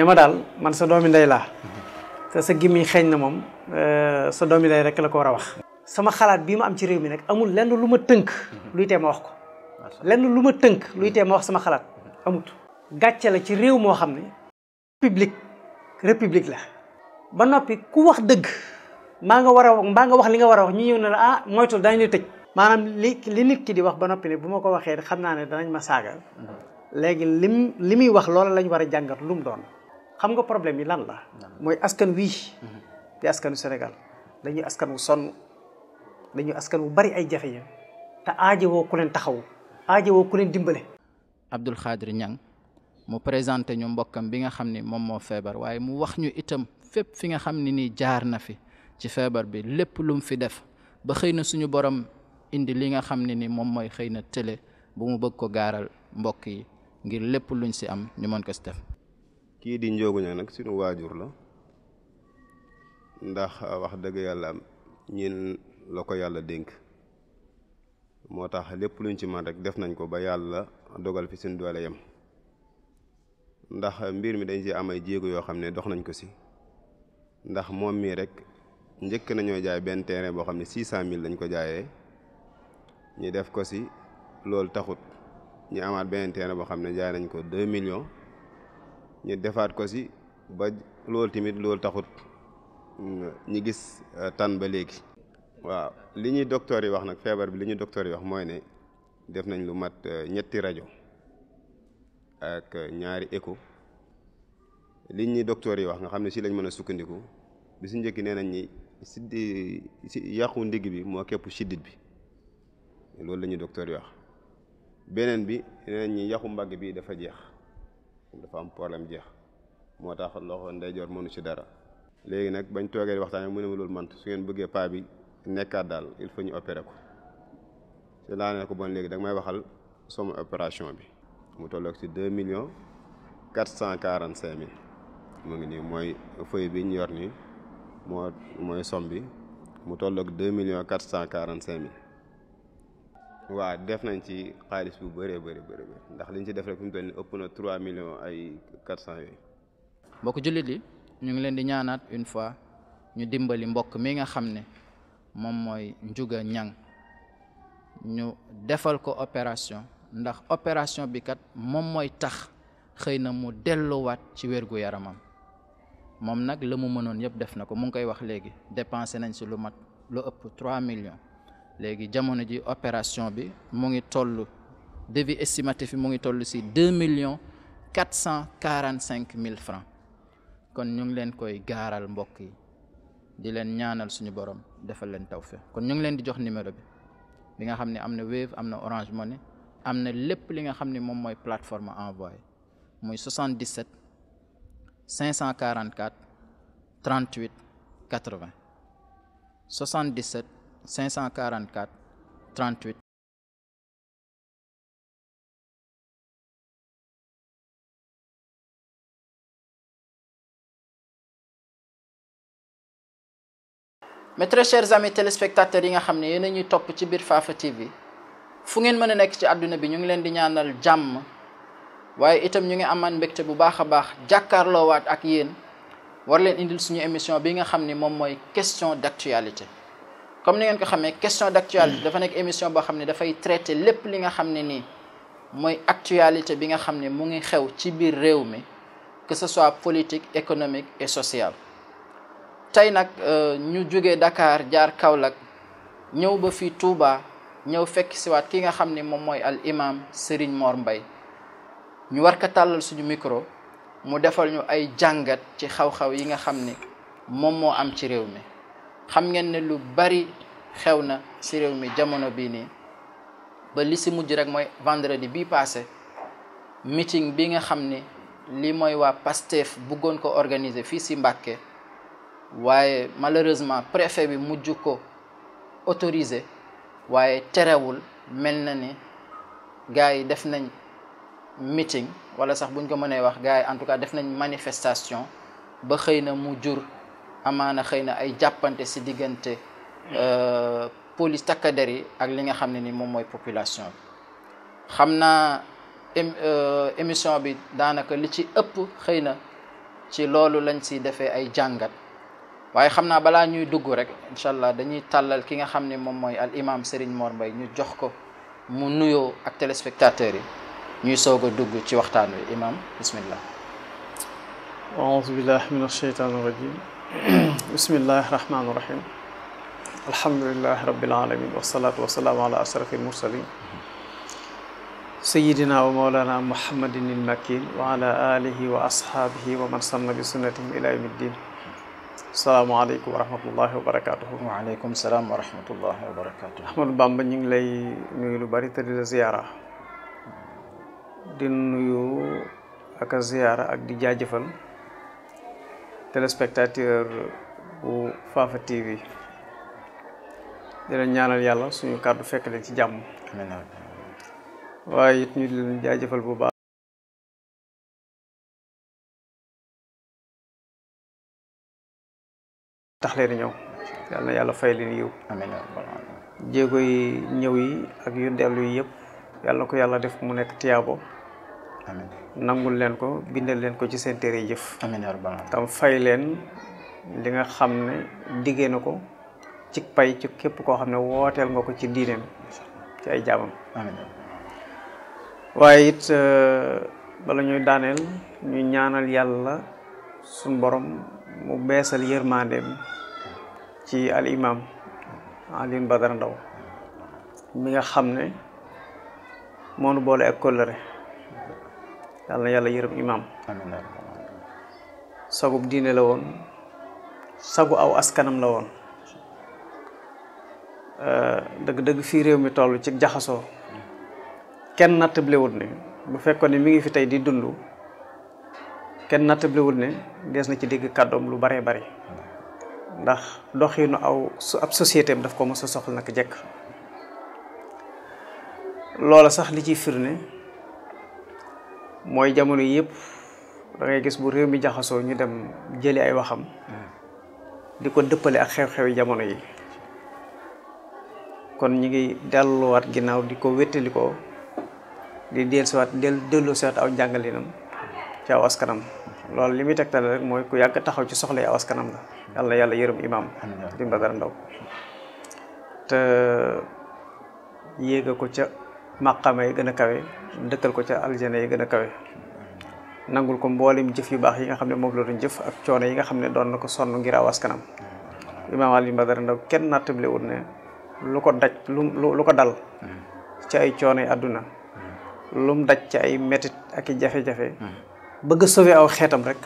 ne ma daal man sa doomi ndey laa te sa gémmiñ xeeñ na moom euh, sa doomi ndey rek la ko war a wax sama xalaat bii ma am ci réew mi nag amul lenn lu ma tënk luy tee a wax ko lenn lu ma tënk luy tee wax sama xalaat amut gàcce la ci réew moo xam ne public république la ba noppi ku wax dëgg maa nga war a mbaa nga wax li nga war a wax ñu ñëw ne la ah moytul daañu la tëj maanaam li li nit ki di wax ba noppi ne bu ma ko waxee xam naa ne danañ ma saaga mm-hmm. léegi lim li muy wax loola lañ war a jàngat lu mu doon xam nga problème yi lan la. mooy askan wii. di askanu Sénégal dañuy askan wu sonn dañuy askan wu bari ay jafe-jafe te aajowoo ku leen taxaw aajowoo ku leen dimbale. Abdou Khadre Niang mu présenté ñu mbokkam bi nga xam ni moom moo feebar waaye mu wax ñu itam fépp fi nga xam ne nii jaar na fi ci feebar bi lépp lu fi def ba xëy na suñu borom indi li nga xam ne ni moom mooy xëy na télé bu mu bëgg ko gaaral mbokk yi ngir lépp luñ si am ñu mën ko si def. kii di njoogu ña nag suñu waajur la ndax ah, wax dëgg yàlla ñin la ko yàlla dénk moo tax lépp luñ ci man rek def nañ ko ba yàlla dogal fi suñu doole yem ndax mbir mi dañ ci am ay jéego yoo xam ne dox nañ ko si ndax moom mii rek njëkk nañoo jaay benn terrain boo xam ne six cent mille lañ ko jaayee ñu def ko si loolu taxut ñu amaat benn terrain boo xam ne jaay nañ ko deux millions ñu defaat ko si ba loolu tamit loolu taxut ñi gis euh, tan ba léegi. waaw li ñuy docteur yi wax nag feebar bi li ñu docteur yi wax mooy ne def nañ lu mat euh, ñetti rajo ak ñaari écho li ñuy docteur yi wax nga xam ne si lañ mën a sukkandiku bi si njëkk nee nañ ñi siddi si yàqu ndigg bi moo képp siddit bi loolu la ñuy docteur yi wax beneen bi nee nañ ñi yàqu mbagg bi dafa jeex. dafa am problème jeex moo tax loxo ndeyjoor mënu ci dara. léegi nag bañ toogee waxtaan mu ne ma loolu mant su ngeen bëggee paa bi nekkaat daal il faut ñu opéré ko ci laa ne ko bon léegi danga may waxal somme opération bi mu tolloog ci deux millions quatre cent quarante cinq mille mu ngi nii mooy feuille bi ñu yor nii moo mooy somme bi mu tolloog deux millions quatre cent quarante cinq mille waaw def nañ ci xaalis bu bëree bëri bëri ndax liñ ci def rek fi mu toll nii ëpp na 3 millions ay 400 yooyu. mbokk jullit yi ñu ngi leen di ñaanaat une fois ñu dimbali mbokk mi nga xam ne moom mooy Ndiouga Niang ñu defal ko opération ndax opération bi kat moom mooy tax xëy na mu delluwaat ci wérgu yaramam moom nag la mu mënoon yëpp def na ko mu ngi koy wax léegi dépensé nañ si lu mat lu ëpp 3 millions. léegi jamono ji opération bi mu ngi toll devis estimatif bi mu ngi toll si deux millions quatre cent quarante cinq mille francs kon ñu ngi leen koy gaaral mbokk yi di leen ñaanal suñu borom defal leen taw tawfeex kon ñu ngi leen di jox numéro bi bi nga xam ne am na Wave am na Orange Money am na lépp li nga xam ni moom mooy plateforme envoyé muy 77 544 38 80 77 544 38. mais très yi nga xam ne yéen a topp ci biir Fafa TV fu ngeen mën a nekk ci àdduna bi ñu ngi leen di ñaanal jàmm waaye itam ñu ngi amaan mbégte bu baax a baax jàkkaarloowaat ak yéen war indi indil suñu émission bi nga xam ni moom mooy question d'actualité. comme ni ngeen ko xamee question d'actualité dafa nekk émission boo xam ne dafay traiter lépp li nga xam ne nii mooy actualité bi nga xam ne mu ngi xew ci biir réew mi que ce soit politique économique et sociale tey nag euh, ñu jóge Dakar jaar Kaolack ñëw ba fii Touba ñëw fekk siwaat ki nga xam ne moom mooy al imam Serigne Mor mbay ñu war ko tàllal suñu micro mu defal ñu ay jàngat ci xaw-xaw yi nga xam ni moom moo am ci réew mi xam ngeen ne lu bari xew na si réew mi jamono bii nii ba li si mujj rek mooy vendredi bi passé meeting bi nga xam ni li mooy waa PASTEF bëggoon ko organiser fii si Mbàkke waaye malheureusement préfet bi mujj ko autorisé waaye terewul mel na ni gars yi def nañ meeting walla sax buñ ko mënee wax gars yi en tout cas def nañ manifestation ba xëy na mu jur amaana xëy na ay jàppante si diggante euh, police takk der yi ak li nga xam ne ni moom mooy population bi xam naa euh, émission bi daanaka li ci ëpp xëy na ci loolu lañ si defee ay jàngat waaye xam naa balaa ñuy dugg rek incha allah dañuy tàllal ki nga xam ne moom mooy al imaam Serigne Mor Mbaye ñu jox ko mu nuyoo ak téléspectateurs yi ñuy soog a dugg ci waxtaan wi imam bismillah aouzu billah min alsheytaan irajim bismillahi rahmaani rahim alhamdulilahi rabbil alamin wasalaatu wasalaamu ala ashraf almursalin sayidina wa maulana muhammadin almakin wa ala alihi wa ashaabihi wa man sanna bi sunnatihim ila yawmi ddin salaamaaleykum wa rahmatullahi wa barakatuhu waaleykum salaam wa rahmatullahi wa barakatuhu ahmadou bamba ñu ngi lay nuyu lu bari te di la ziyaara di nuyu ak a ziyaara ak di jaajëfal téléspectateur bu faafa TV di leen ñaanal yàlla suñu kàddu fekk leen ci jàmm waaye it ñu di jaajëfal bu baax tax ñëw yàlla na yàlla fay leen yiw jéego yi ñëw yi ak yu dellu yi yëpp yàlla ko yàlla def mu nekk tiyaabo nangul leen ko bindal leen ko ci seen téere jëf tam fay leen li nga xam ne diggee na ko ci pay ci képp koo xam ne wooteel nga ko ci diineem ci ay jaamam waaye it euh, bala ñuy daaneel ñu ñaanal yàlla suñ borom mu beesal yërmandeem ci al imam Alioune Badara Ndao mi nga xam ne moonu boole ak kóllëre yàlla na yàlla yërëm imaam sagub diine la woon sagu aw askanam la woon dëgg-dëgg fii réew mi toll ci jaxasoo kenn nattablewut ne bu fekkoon ne mi ngi fi tey di dund kenn nattablewut ne dees na ci dégg kàddoom lu baree bari ndax doxinu aw su ab société daf ko mos a soxla nag jekk loola sax li ciy firne mooy jamono yëpp da ngay gis bu réew mi jaxasoo ñu dem jëli ay waxam di ko dëppale a xew-xewi jamono yi kon ñu ngi delluwaat ginnaaw di ko wéttali ko di dellusiwaat dellusiwaat aw njàngalinam ci aw askanam loolu li muy tegtale rek mooy ku yàgg taxaw ci soxla yi aw askanam la yàlla yàlla yërëm imaam di Badara Ndaw te yéega ko ca màqaama yi gën a kawe dëkkal ko ca aljana yi gën a kawe nangul ko mboolem jëf yu baax yi nga xam ne moom la doon jëf ak coono yi nga xam ne doon na ko sonn ngir aw askanam imaam Alioune Badara Ndao kenn nattable wut ne lu ko daj lu ko dal ca ay coono yi àdduna lum daj ca ay metit ak i jafe-jafe bëgg sauver aw xeetam rek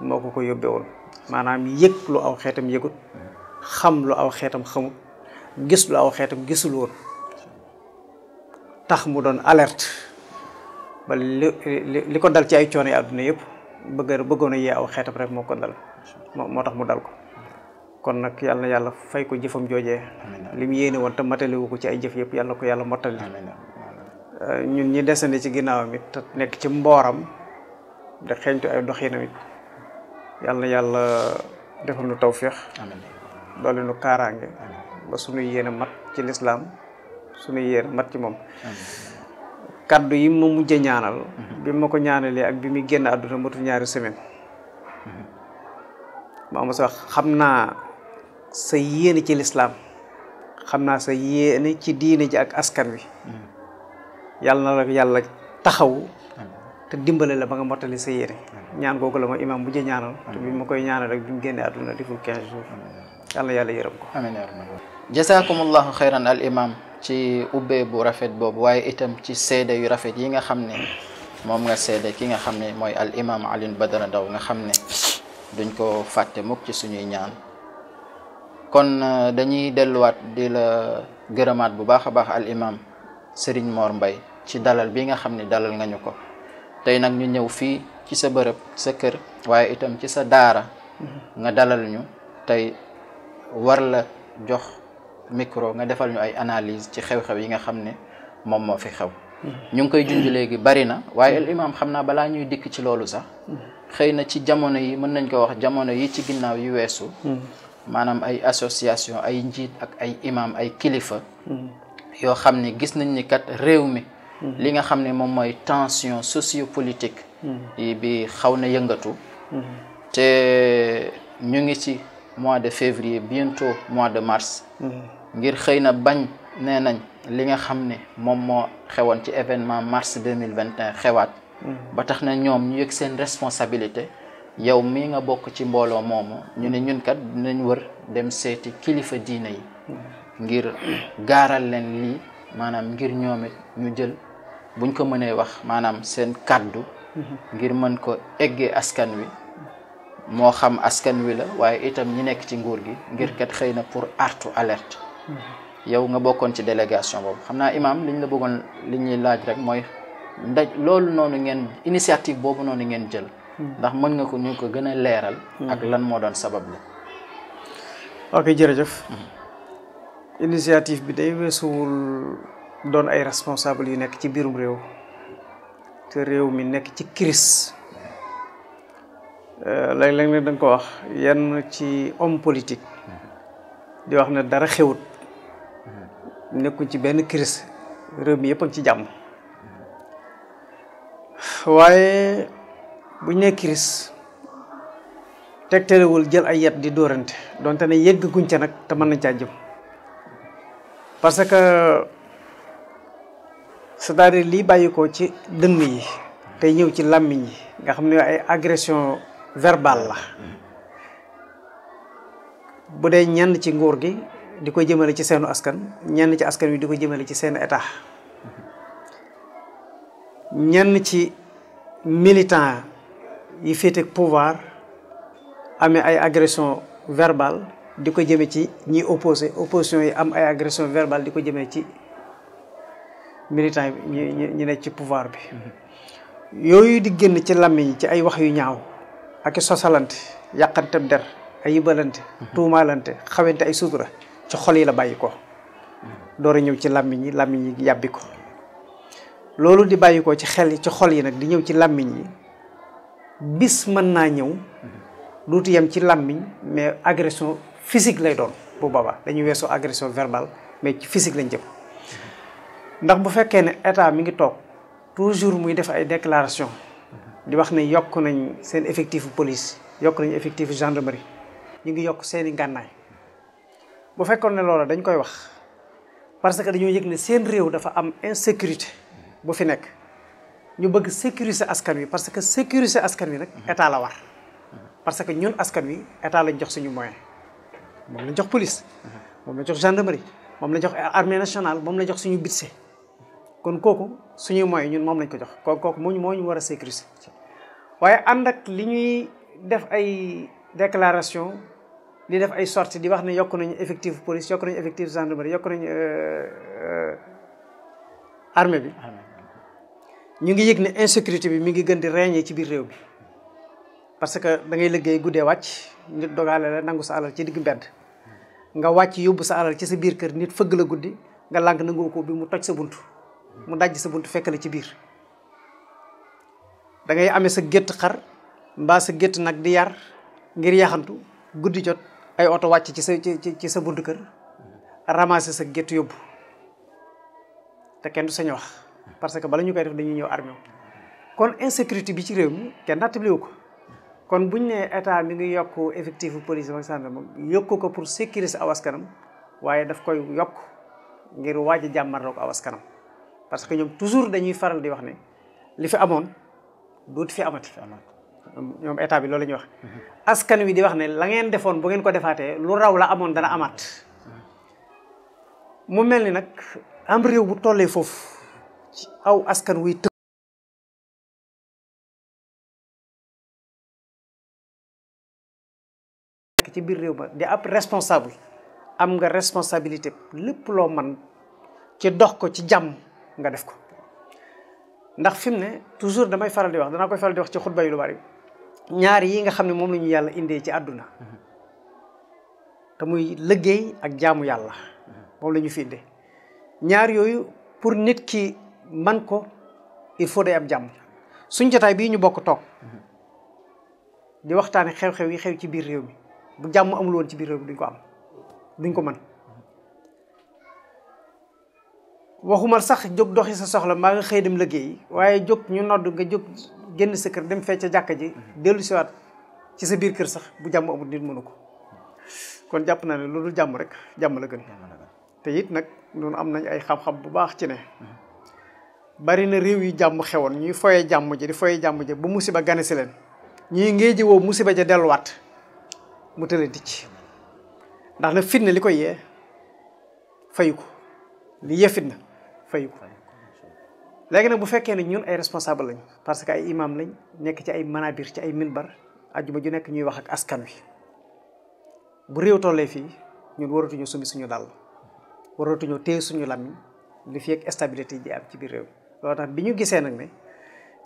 moo ko ko yóbbewoon maanaam yëg lu aw xeetam yëgut xam lu aw xeetam xamut gis lu aw xeetam gisul woon tax mu doon alerte ba li ko dal ci ay coono yi àdduna yëpp bëgg bëggoon a yee aw xeetam rek moo ko dal moo tax mu dal ko kon nag yàlla na yàlla fay ko jëfam joojee li mu yéene woon te mataliwu ko ci ay jëf yëpp yàlla ko yàlla mottali euh, ñun ñi desandi ci ginnaawam nekk ci mbooram da xeeñtu ay doxinam it yàlla na yàlla defal nu tawféex doole nu kaaraange ba suñu yéene mat ci lislaam suñu yéen mat ci moom kaddu yi ma mujj ñaanal bi ma ko ñaanalee ak bi muy génn àdduna matul ñaari semaine ma ama sax xam naa sa yéene ci lislaam xam naa sa yéene ci diine ji ak askan wi yàlla na la yàlla taxaw te dimbale la ba nga mottali sa yéene ñaan googu la ma imaam mujj a ñaanal te bi ma koy ñaanal ak bi mu génnee àdduna deful quinze jours yàlla yàlla yërëm ko amiin jazaakumullahu al imaam ci ubbee bu rafet boobu waaye itam ci sede yu rafet yi nga xam ne moom nga seede ki nga xam ne mooy al imam Alioune Badara Ndao nga xam ne duñ ko fàtte mukk ci suñuy ñaan kon euh, dañuy delluwaat di la gërëmaat bu baax a baax al imam Serigne Mor Mbaye ci dalal bi nga xam ne dalal nga ñu ko tey nag ñu ñëw fii ci sa bërëb sa kër waaye itam ci sa daara mm-hmm. nga dalal ñu tey warla jox micro nga defal ñu ay analyse ci xew-xew yi nga xam ne moom moo fi xew mm-hmm. ñu ngi koy junj léegi bari na waaye mm-hmm. al imam xam naa balaa ñuy dikk ci loolu sax mm-hmm. xëy na ci jamono yi mën nañ ko wax jamono yi ci ginnaaw yu weesu maanaam ay association ay njiit ak ay imam ay kilifa yoo xam ne gis nañ ni kat réew mi li nga xam ne moom mooy tension sociopolitique yi bi xaw na yëngatu te ñu ngi ci mois de février bientôt mois de mars ngir xëy na bañ nee nañ li nga xam ne moom moo xewoon ci événement mars 2021 xewaat hmm. ba tax na ñoom ñu yëg seen responsabilité yow mii nga bokk ci mbooloo moomu ñu ne ñun kat dinañ wër dem seeti kilifa diine yi hmm. ngir gaaral leen lii maanaam ngir ñoom ñu jël buñ ko mënee wax maanaam seen kàddu hmm. ngir mën ko eggee askan wi moo xam askan wi la waaye itam ñi nekk ci nguur gi ngir kat xëy na pour artu alerte yow nga bokkoon ci délégation boobu xam naa imaam liñ la bëggoon li ñuy laaj rek mooy ndaj loolu noonu ngeen initiative boobu noonu ngeen jël. Hmm. ndax mën nga ko ñu ko gën a leeral. Hmm. ak lan moo doon sabab la. ok jërëjëf. Hmm. initiative bi day weesuwul doon ay responsable yu nekk ci biirum réew te réew mi nekk ci crise euh, léeg-léeg nag da ko wax yenn ci homme politique di wax ne dara xewut nekkuñ ci benn crise réew mi yëpp ci jàmm waaye bu ñu nee crise tegtalewul jël ay yet di dóorante donte ne yëgguñ ca nag te mën nañ caa jëm parce que c'est-à-dire lii bàyyi ko ci dënn yi tey ñëw ci làmmiñ yi nga xam ne ay agression verbale la bu dee ñenn ci nguur gi di ko jëmale ci seenu askan ñenn ci askan wi di ko jëmale ci seen état ñenn ci militant yi féete pouvoir ame ay agression verbal di ko jëme ci ñi opposé opposition yi am ay agression verbale di ko jëmee ci militant yi ñi nekk ci pouvoir bi yooyu di génn ci làmmiñ ci ay wax yu ñaaw ak i sosalante yàqante der ay yibalante mhm. tuumaalante xawente ay sutura ci xol yi la bàyyi ko door a ñëw ci làmmiñ yi làmmiñ yi yàbbi ko loolu di bàyyi ko ci xel yi ci xol yi nag di ñëw ci làmmiñ yi bis mën naa ñëw duuti yem ci làmmiñ mais agression physique lay doon bu baba dañu weesu agression verbale mais ci physique lañ jëm ndax bu fekkee ne état mi ngi toog toujours muy def ay déclaration di wax ne yokk nañ seen effectif police yokk nañ effectif gendarmerie ñu ngi yokk seeni ngànnaay bu fekkoon ne loola dañ koy wax parce que dañoo yëg ne seen réew dafa am insécurité bu fi nekk ñu bëgg sécuriser askan wi parce que sécuriser askan wi nag état la war parce que ñun askan wi état lañ jox suñu moyen moom lañ jox police moom lañ jox gendarmerie moom lañ jox armée nationale moom lañ jox suñu budget kon kooku suñuy moyen ñun moom lañ ko jox kon kooku mooñu moo ñu war a sécuriser waaye ànd ak li ñuy def ay déclaration di def ay sorties di wax ne yokk nañu effectif police yokk nañu effectif gendarmerie yokk nañu euh, euh, armée bi ñu ngi yëg ne insécurité bi mi ngi gën di régner ci biir réew bi parce que da ngay liggéey guddee wàcc nit dogaale nangu sa alal ci digg mbedd nga wàcc yóbbu sa alal ci sa biir kër nit fëgg la guddi nga lànk nangoo ko bi mu toj sa bunt mu dajj sa bunt fekk la ci biir da ngay amee sa gétt xar mbaa sa gétt nag di yar ngir yaxantu guddi jot ay oto wàcc ci sa ci ci sa bunt kër ramasser sa gétt yóbbu te kenn du wax parce que bala ñu koy def dañuy ñëw armé kon insécurité bi ci réew mi kenn nattabliwu ko kon bu ñu nee état mi ngi yokk effectif police ak moom yokk ko pour sécuriser aw askanam waaye daf koy yokk ngir waaj a jàmmarloo ko aw askanam parce que ñoom toujours dañuy faral di wax ne li fi amoon duut fi amati. ñoom état bi loolu ñu wax askan wi di wax ne la ngeen defoon bu ngeen ko defaatee lu raw la amoon dana amaat mu mel ni nag am réew bu tollee foofu aw askan wuy tëkk ci biir réew ma di ab responsable am nga responsabilité lépp loo man ci dox ko ci jàmm nga def ko ndax fi mu ne toujours damay faral di wax danaa koy faral di wax ci xutba yu lu bari ñaar yi nga xam ne moom la ñu yàlla indee ci àdduna te muy liggéey ak jaamu yàlla moom lañu fi indee ñaar yooyu pour nit ki man ko il faut am jàmm suñ jotaay bii ñu bokk toog di waxtaane xew-xew yi xew ci biir réew mi bu jàmm amul woon ci biir réew mi duñ ko am duñ ko mën waxuma sax jóg doxi sa soxla maa nga xëy dem liggéey waaye jóg ñu nodd nga jóg génn sa kër dem fecc jàkka ji mhm. dellu siwaat ci sa biir kër sax bu jàmm amul nit mënu ko kon jàpp naa ne loolu jàmm rek jàmm la gën te it nag noonu am nañ ay xam-xam bu baax ci ne mhm. bari na réew yi jàmm xewoon ñuy foyee jàmm ji di foyee jàmm ji bu musiba gane si leen ñuy ngee ji musiba ja delluwaat mu tële dicc ndax na fitna li koy yee fayu ko li yee fitna fayu ko léegi nag bu fekkee ne ñun ay responsable lañ parce que ay imam lañ nekk ci ay manabir ci ay minbar ajjuma ju nekk ñuy wax ak askan wi bu réew tollee fii ñun waratuñu sumi suñu daal waratuñoo téye suñu làmmiñ li fi ak stabilité ji am ci biir réew loolu tax bi ñu gisee nag ne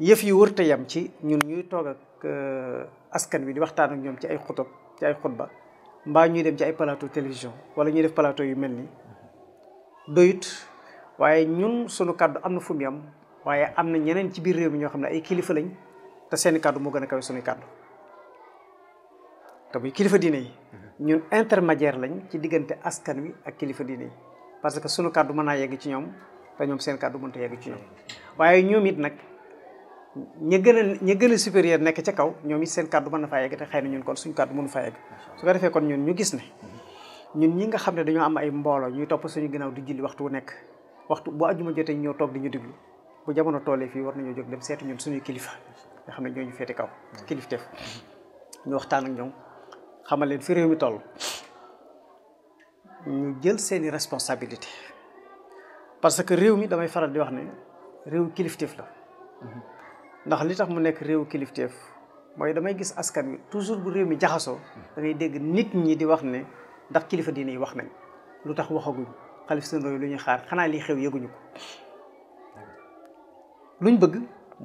yëf yu wërta yam ci ñun ñuy toog ak euh, askan wi di waxtaan ak ñoom ci ay xutub ci ay xutba mbaa ñuy dem ci ay palato télévision wala ñuy def plateau yu mel nii doyut waaye ñun sunu kàddu am na fu mu waaye am na ñeneen ci biir réew mi ñoo xam ne ay kilifa lañ te seeni kàddu moo gën a kawe sunuy kàddu te muy kilifa diine yi mm-hmm. ñun intermédiaire lañ ci diggante askan wi ak kilifa diine yi parce que sunu kàddu mën naa yegg ci ñoom te ñoom seen kàddu mënut a ci ñoom mm-hmm. waaye ñoom it nag ña gën a ña gën a supérieur nekk ca kaw ñoom it kàddu mën na faa yegg te xëy na ñun kon suñu kàddu mënu faa yegg su ko defee kon ñun ñu gis ne mm-hmm. ñun ñi nga xam ne dañoo am ay mbooloo ñu topp suñu ginnaaw di julli waxtu wu nekk waxtu bu àjjuma jotee ñoo toog di ñu déglu bu jamono toolee fii war nañoo jóg dem seeti ñun suñuy kilifa nga xam ne ñooñu feeti kaw. kilifteef ñu waxtaan ak ñoom xamal leen fi réew mi toll ñu jël seeni responsabilité parce que réew mi damay faral di wax ne réew kilifteef la ndax li tax mu nekk réew kilifteef mooy damay gis askan wi toujours bu réew mi jaxasoo da ngay dégg nit ñi di wax ne ndax kilifa diine yi wax nañ lu tax waxaguñ. xalif seen lu ñuy xaar xanaa li xew yëguñu ko luñ bëgg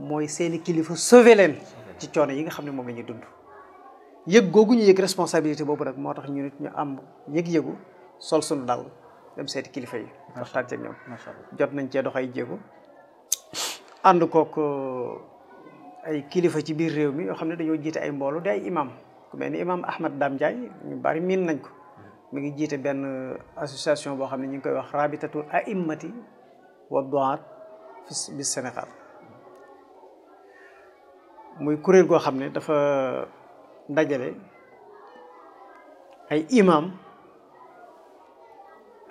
mooy seeni kilifa sauver leen ci coono yi nga xam ne moom la ñuy dund yëg googu ñu yëg responsabilité boobu rek moo tax ñu ñu am yëg-yëgu sol suñu dal dem seeti kilifa yi waxtaan ceeg ñoom jot nañ cee dox ay jéego ànd kook euh, ay kilifa ci biir réew mi yoo xam ne dañoo jiite ay mboolu di ay imam ku mel ni Ahmad Dam Ndiaye bari miin nañ ko mi ngi jiite benn association boo xam ne ñu ngi koy wax rabitatul a'immati wa du'at fi bi Sénégal muy kuréel goo xam ne dafa dajale ay imam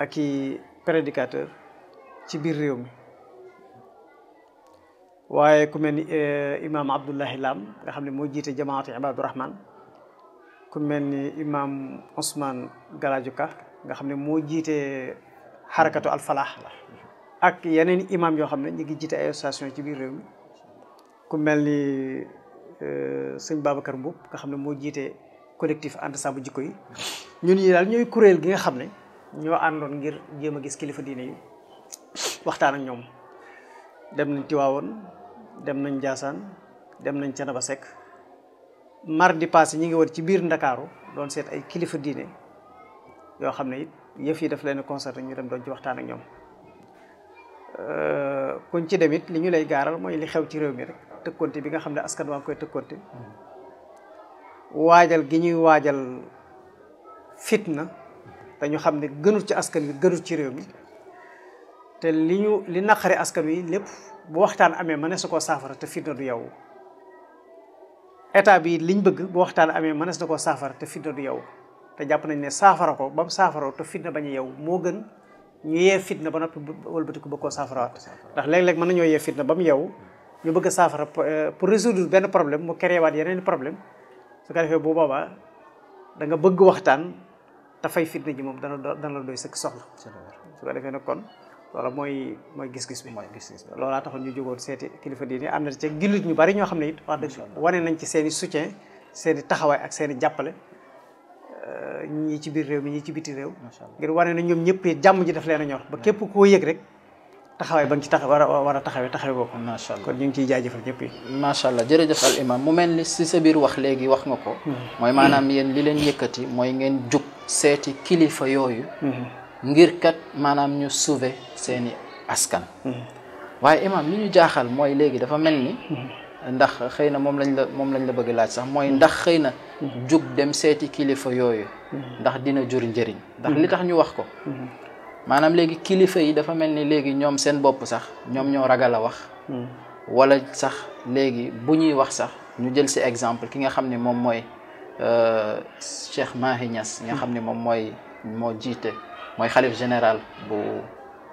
ak i prédicateur ci biir réew mi waaye ku mel ni eh, imam Abdullahi Lam nga xam ne moo jiite jamaatu Ibaadu Rahman ku mel ni imaam Ousmane Galadio Ka nga xam ne moo jiite xarakatu alfalaax ak yeneen imaam yoo xam ne ñu ngi jiite ay association ci biir réew mi ku mel ni euh, sëñ Babacar Mboup nga xam ne moo jiite collectif ant saabu jikko yi ñun ñi daal ñooy kuréel gi nga xam ne ñoo àndoon ngir jéem a gis kilifa diine yi waxtaan ak ñoom dem nañ Tiwaawoon dem nañ Njaasaan dem nañ Canaba Sekk mardi passé ñi ngi woon ci biir ndakaaru doon seet ay kilifa diine yoo xam ne it yëf yi daf leen concerné ñu dem doon ci waxtaan ak ñoom euh, kuñ ci demit li ñu lay gaaral mooy li xew ci réew mi rek tëkkonte bi nga xam ne askan waa ngi koy tëkkonte waajal gi ñuy waajal fitna dañu xam ne gënul ci askan wi gënul ci réew mi te li ñu li naqari askan wi lépp bu waxtaan amee mënees su koo saafara te fitna du yow état bi liñ bëgg bu waxtaan amee mënees na koo saafara te fitna du yow te jàpp nañ ne saafara ko ba mu saafara te fitna bañ a yow moo gën ñu yee fitna ba noppi wëlbati ko bëgg koo saafarawaat ndax léeg-léeg mën nañoo yee fitna ba mu yow ñu bëgg a saafara euh, pour résoudre benn problème mu créé waat yeneen problème su ko defee bu boobaa da nga bëgg waxtaan dafay fitna ji moom dana dana doy sëkk soxla su ko defee nag kon loolu mooy mooy gis-gis bi. mooy gis-gis bi loolaa taxoon ñu jógoon seeti kilifa diine am na ci jullit ñu bari xam ne it wax dëgg wane nañ ci seen i soutien i taxawaay ak seen i jàppale euh, ñii ci biir réew mi ñii ci biti réew. ngir wane na ñoom ñëpp jàmm ji daf leen a ñor ba képp koo yëg rek. taxawaay ba nga tax war war a taxawee taxawee ko. macha allah kon ñu ngi ciy jaajëfal ñëpp yi. macha allah jërëjëf al mu mel ni si sa biir wax léegi wax nga ko. Hmm. mooy maanaam yéen li leen yëkkati mooy ngeen jug seeti kilifa yooyu. Hmm. ngir kat maanaam ñu sauver seeni askan. waaye imaam li ñu jaaxal mooy léegi dafa mel ni. ndax xëy na moom lañ la moom lañ la bëgg laaj sax mooy ndax xëy na. jug dem seeti kilifa yooyu. ndax dina jur njëriñ. ndax li tax ñu wax ko. maanaam léegi kilifa yi dafa mel ni léegi ñoom seen bopp sax ñoom ñoo ragal a wax. wala sax léegi bu ñuy wax sax ñu jël si exemple ki nga xam ne moom mooy euh, Cheikh Mahi Niass. nga xam ne moom mooy moo jiite. mooy xalif général bu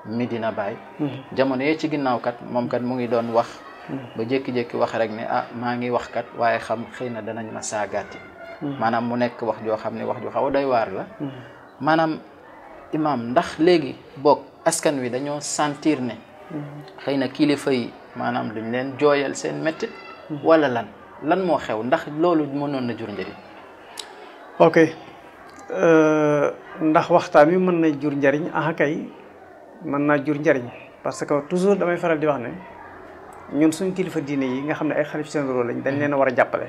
Medina Baye. Hmm. jamono yee ci ginnaaw kat moom kat mu ngi doon wax. Hmm. ba jékki-jékki wax rek ne ah maa ngi wax kat waaye xam xëy na danañ ma saagaati. Hmm. maanaam mu nekk wax joo xam ne wax ju xaw a doy waar la. maanaam imaam ndax léegi boog askan wi dañoo sentir ne. xëy na kilifa yi maanaam duñ leen jooyal seen métti. wala lan lan moo xew ndax loolu mënoon na jur njëriñ. Euh, ndax waxtaan wi mën na jur njariñ ah mën naa jur njariñ parce que toujours damay faral di wax ne ñun suñ kilifa diine yi nga xam ne ay xalif seen lañ dañ leen a war a jàppale.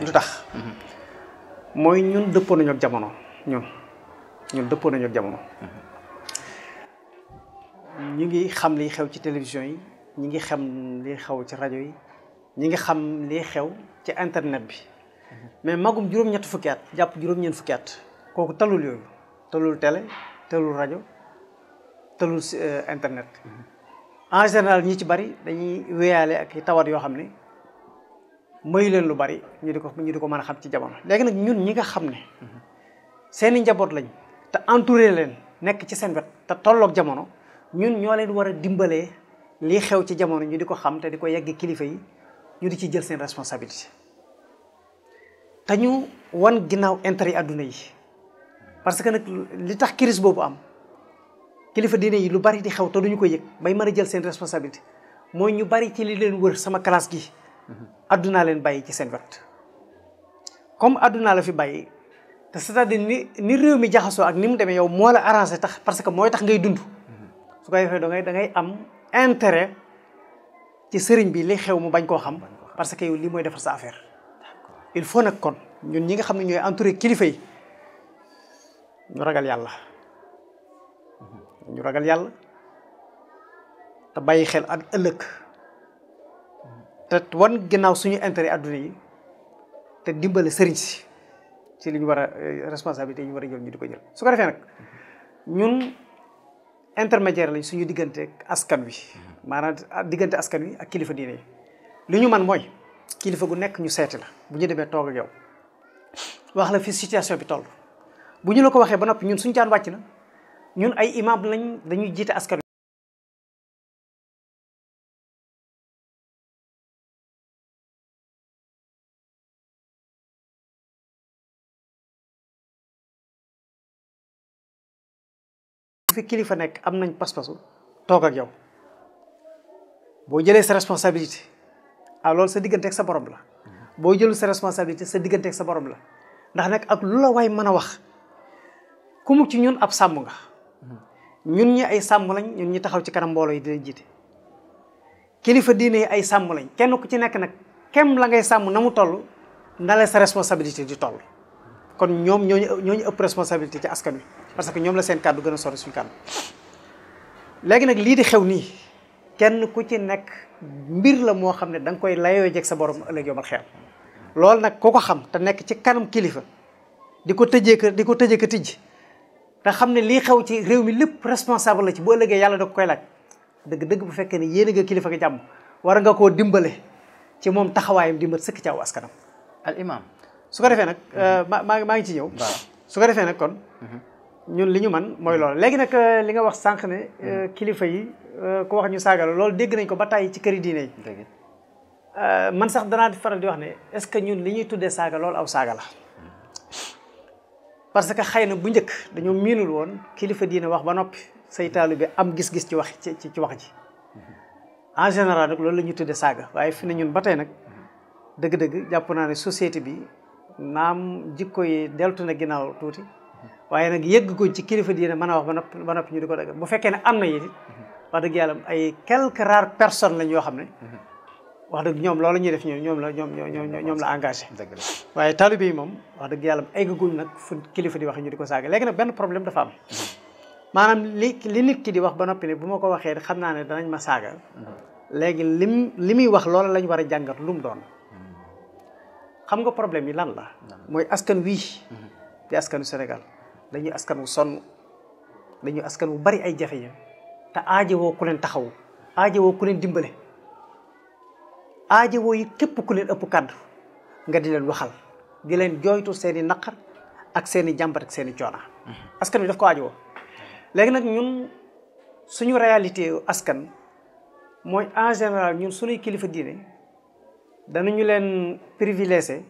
lu tax mooy ñun dëppoon nañu ak jamono ñun ñun dëppoo nañu ak jamono. ñu ngi xam liy xew ci télévision yi ñu ngi xam liy xew ci rajo yi ñu ngi xam liy xew ci internet bi mais magum juróom-ñett fukki at jàpp juróom-ñeent fukki at kooku talul yooyu talul télé talul rajo talul euh, internet mm-hmm. en général ñi ci bari dañuy wéyaale ak tawat yoo xam ne mayu leen lu bari ñu di ko ñu di ko mën a xam ci jamono léegi nag ñun ñi nga xam ne mm-hmm. seeni njaboot lañ te entouré leen nekk ci seen wet te tollook jamono ñun ñoo leen war a dimbalee lii xew ci jamono ñu di ko xam te di ko yegg kilifa yi ñu di ci jël seen responsabilité te ñu wan ginnaaw intérêt yi àdduna yi parce que nag li tax crise boobu am kilifa diine yi lu bari di xew te duñu koy yëg bay mën a jël seen responsabilité mooy ñu bari ci li leen wër sama classe gi addunaa leen bàyyi ci seen wet comme addunaa la fi bàyyi te c'est-à-dire ni réew mi jaxasoo ak ni mu demee yow moo la arrangé tax parce que mooy tax ngay dund su ko defee da ngay am intérêt ci sëriñ bi li xew mu bañ koo xam parce que yow lii mooy defar sa affaire il faut nag kon ñun ñi nga xam ne ñooy entouré kilifa yi ñu ragal yàlla ñu ragal yàlla te bàyyi xel ak ëllëg te wan ginnaaw suñu intérêt adduna yi te dimbale sëriñ si ci li ñu war a euh, responsabilité yi ñu war a jël ñu di ko jël su ko defee nag ñun intermédiaire lañ suñu diggante askan wi maanaam diggante askan wi ak kilifa diine yi li ñu man mooy kilifa gu nekk ñu seeti la bu ñu demee toog ak yow wax la fi situation bi toll bu ñu la ko waxee ba noppi ñun suñu caan wàcc na ñun ay imam lañ dañuy jiite askan fi kilifa nekk am nañ pas-pasu toog ak yow boo jëlee sa responsabilité ah loolu sa digganteeg sa borom la boo jëlul sa responsabilité sa digganteeg sa borom la ndax nag ak lu la waay mën a wax ku mu ci ñun ab sàmm nga ñun ñi ay sàmm lañ ñun ñi taxaw ci kanam mbooloo yi di leen kilifa diine yi ay sàmm lañ kenn ku ci nekk nag kem la ngay sàmm na mu toll na la sa responsabilité di toll kon ñoom ñooñu ñu ëpp responsabilité ci askan wi parce que ñoom la seen kàddu gën a sori suñu kàddu léegi nag lii di xew nii kenn ku ci nekk mbir la moo xam ne da nga koy layoo jeg sa borom ëllëg yomal xeer loolu nag koo ko xam te nekk ci kanam kilifa di ko tëjee di ko tëjee ka te xam ne lii xew ci réew mi lépp responsable la ci boo ëllëgee yàlla da koy laaj dëgg dëgg bu fekkee ne yéen nga kilifa ga jàmm war nga koo dimbale ci moom taxawaayam dimbal mat ci aw askanam. al imaam su ko defee nag. Mhm. Euh, ma maa maa ngi ci ñëw. su defee nag kon. Mhm. ñun li ñu man mooy loolu léegi nag euh, li nga wax sànq ne euh, mhm. kilifa yi ku wax ñu saaga la loolu dégg nañ ko ba tàyyi ci këri diine yi. man sax danaa faral di wax ne est-ce que ñun li ñuy tuddee saaga loolu aw saaga la. parce que xëy na bu njëkk dañoo miinul woon kilifa diine wax ba noppi say bi am gis-gis ci wax ci ci wax ji mm-hmm. en général nag loolu la ñuy tuddee saaga waaye fi ne ñun ba tey nag mm-hmm. dëgg-dëgg jàpp naa ne société bi naam jikko yi deltu na ginnaaw tuuti mm-hmm. waaye nag yëgg ko ci kilifa diine mën a wax ba noppi ba noppi ñu di ko dëgg bu fekkee ne am na it wax dëgg yàlla ay quelques rares personnes lañ yoo xam ne wax dëgg ñoom loolu ñuy def ñoom ñoom la ñoom ñoom la engagé. dëgg la waaye taalibe yi moom wax dëgg yàlla eggaguñ nag fu kilifa di wax ñu di ko saaga léegi nag benn problème dafa am. maanaam li li nit ki di wax ba noppi ne bu ma ko waxee xam naa ne danañ ma saaga. léegi lim li muy wax loola lañ war a jàngat lu mu doon. xam nga problème yi lan la. mooy askan wii. di askanu Sénégal dañuy askan wu sonn dañuy askan wu bari ay jafe-jafe te aajowoo ku leen taxaw taxawu woo ku leen dimbale. aajowoo yi képp ku leen ëpp kàddu nga di leen waxal di leen jooytu seen i naqar ak seen i jàmbat ak seen i coona mm-hmm. askan bi daf ko aajowoo léegi nag ñun suñu réalité askan mooy en général ñun suñuy kilifa diine danañu leen privilégié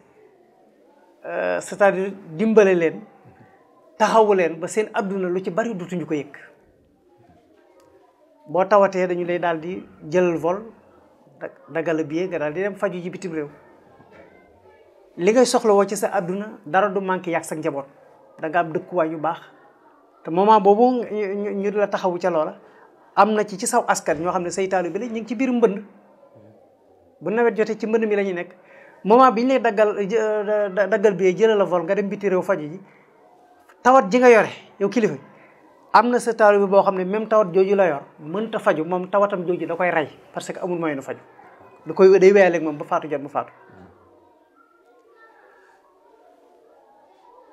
euh, c'est-à-dire dimbale leen taxawu leen ba seen adduna lu ci bari dutuñu ko yëg boo tawatee dañu lay daal di jëlal vol dagala billet nga daal di dem faju ji bitim réew li ngay soxlawoo ci sa àdduna dara du manqué yàgg sa njaboot da nga am dëkkuwaay yu baax te moment boobu ñu di la taxawu ca loola am na ci ci saw askan ñoo xam ne saytaalu bi la ñu ngi ci biir mbënd bu nawet jotee ci mbënd mi la nekk moment bi ñu lay daggal daggal billet jëla la vol nga dem biti réew faju ji tawat ji nga yore yow kilifa am na sa taalibe boo xam ne même tawat jooju la yor mënta faju moom tawatam jooju da koy rey parce que amul moyen nu faju da koy day weyaleeg moom ba faatu jot mu faatu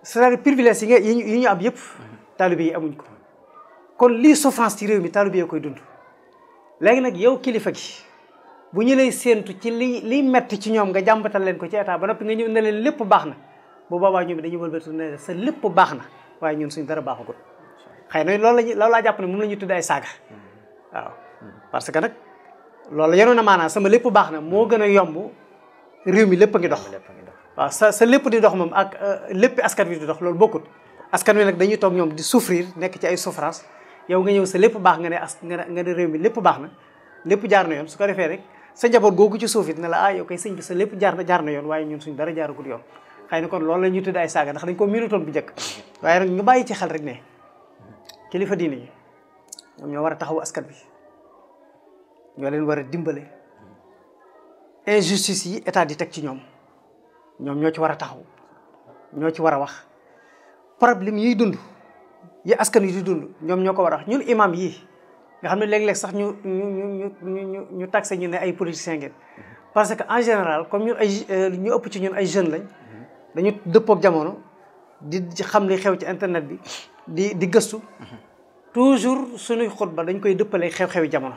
cest yi nga yi ñu am yëpp taalibe yi amuñ ko kon lii souffrance ci réew mi taalibe yi koy dund léegi nag yow kilifa gi bu ñu lay séentu ci li liy metti ci ñoom nga jàmbatal leen ko ci état ba noppi nga ñëw ne leen lépp baax na bu boobaa ñoom dañuy wëlbatu ne sa lépp baax na waaye ñun suñ dara baaxagul xëy na loolu lañu loolu laa jàpp ne moom la ñuy tudd ay saaga waaw parce que nag loolu yenoon na maanaam sama lépp baax na moo gën a yomb réew mi lépp a ngi dox waaw sa sa lépp di dox moom ak euh, lépp askan wi di dox loolu bokkut askan wi nag dañuy toog ñoom di souffrir nekk ci ay souffrance yow nga ñëw sa lépp baax nga ne as nga ne réew mi lépp baax na lépp jaar na yoon su ko defee rek sa njaboot googu ci suuf it ne ah, sa lépp jaar na jaar na yoon waaye ñun suñ dara jaaragul yoon xëy na kon loolu la ñuy tudd ay saaga ndax dañ ko minutoon bu njëkk waaye nag ñu bàyyi ci xel rek ne kilifa diine yi ñoom ñoo war a taxawu askan bi ñoo leen war a dimbale injustice yi état di teg ci ñoom ñoom ñoo ci war a taxaw ñoo ci war a wax problème yiy dund yi askan wi di dund ñoom ñoo ko war a wax ñun imam yi nga xam ne léeg-léeg sax ñu ñu ñu ñu ñu ñu ne ay politiciens ngeen parce que en général comme ñun ay euh, ñu ëpp ci ñun ay jeunes lañ dañu dëppook jamono di xam li xew ci internet bi di di gëstu toujours suñuy xutba dañ koy dëppale xew-xewi jamono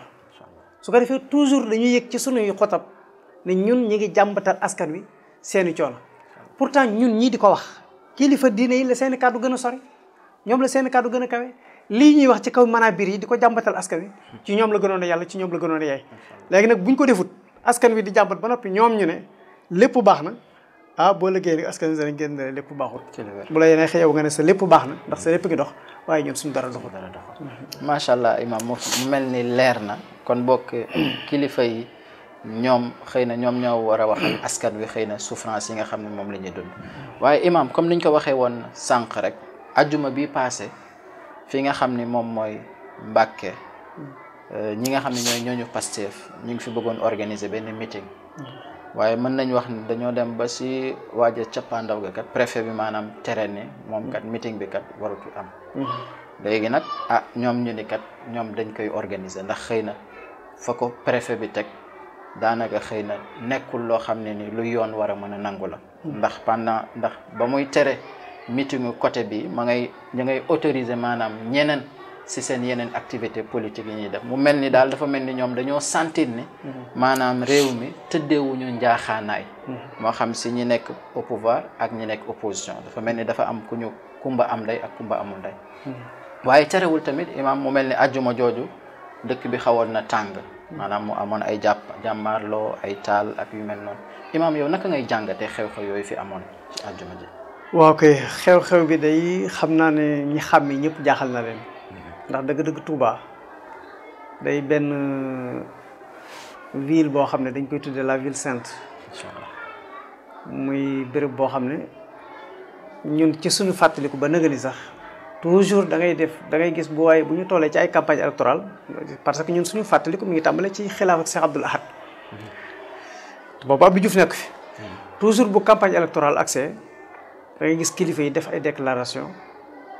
su ko defee toujours dañuy yëg ci suñuy xotab ni ñun ñi ngi jàmbatal askan wi seeni coono pourtant ñun ñii di ko wax kilifa diine yi la seeni kàddu gën a sori ñoom la seeni kàddu gën a kawe lii ñuy wax ci kaw manaa biir yi di ko jàmbatal askan wi ci ñoom la gënoon a yàlla ci ñoom la gënoon a yaay léegi nag buñ ko defut askan wi di jàmbat ba noppi ñoom ñu ne lépp baax na ah boo liggéey rek askan wi dañ génn lépp baaxut. bu la yeneen xëy yow nga ne sa lépp baax na ndax sa lépp ngi dox waaye ñun suñu dara doxul. dara dox mm-hmm. macha allah imaam mu mel ni leer na kon bokk kilifa yi ñoom xëy na ñoom ñoo war a wax askan wi xëy na souffrance yi nga xam ne moom lañuy ñuy dund. Mm-hmm. waaye imaam comme niñ ko waxee woon sànq rek ajjuma bi passé fi nga xam ni moom mooy Mbàkke mm-hmm. euh, ñi nga xam ne ñooy ñooñu Pastef ñu ngi fi bëggoon organiser benn meeting. waaye mën nañ wax ni dañoo dem ba si waaja a cappaandaw ga kat préfet bi maanaam tere ni moom kat meeting bi kat waratu am mm-hmm. léegi nag ah ñoom ñu ni kat ñoom dañ koy organiser ndax xëy na fa ko préfet bi teg daanaka xëy na nekkul loo xam ne ni lu yoon war a mën a nangu la mm-hmm. ndax pendant ndax ba muy tere meetingu côté bi ma ngay ñu ngay autorisé maanaam ñeneen si seen yeneen activité politique yi ñuy def mu mel ni daal dafa mel ni ñoom dañoo sentir ni mhm. maanaam réew mi tëddeewuñu njaaxaanaay mhm. moo xam si ñi nekk au pouvoir ak ñi nekk opposition dafa mel ni dafa am ku ñu kumba am ndey ak kumba amul ndey mhm. waaye terewul tamit imaam mu mel ni ajjuma jooju dëkk bi xawoon na tàng maanaam mu amoon ay jàpp jàmmaarloo ay taal ak yu mel noonu imaam yow naka ngay jàngate xew-xew yooyu fi amoon ci ji waaw kay xew-xew bi day ñëpp jaaxal na leen ndax dëgg-dëgg Touba day benn ville boo xam ne dañ koy tuddee la ville sainte muy béréb boo xam ne ñun ci suñu fàttaliku ba nëgëni sax toujours da ngay def da ngay gis bu waaye bu ñu tollee ci ay campagne électorale parce que ñun suñu fàttaliku mu ngi tàmbale ci xilaafat Cheikh Abdoul Ahad mm-hmm. boobu Abdou Diouf nekk fi mm-hmm. toujours bu campagne électorale accès da ngay gis kilifa yi def ay déclaration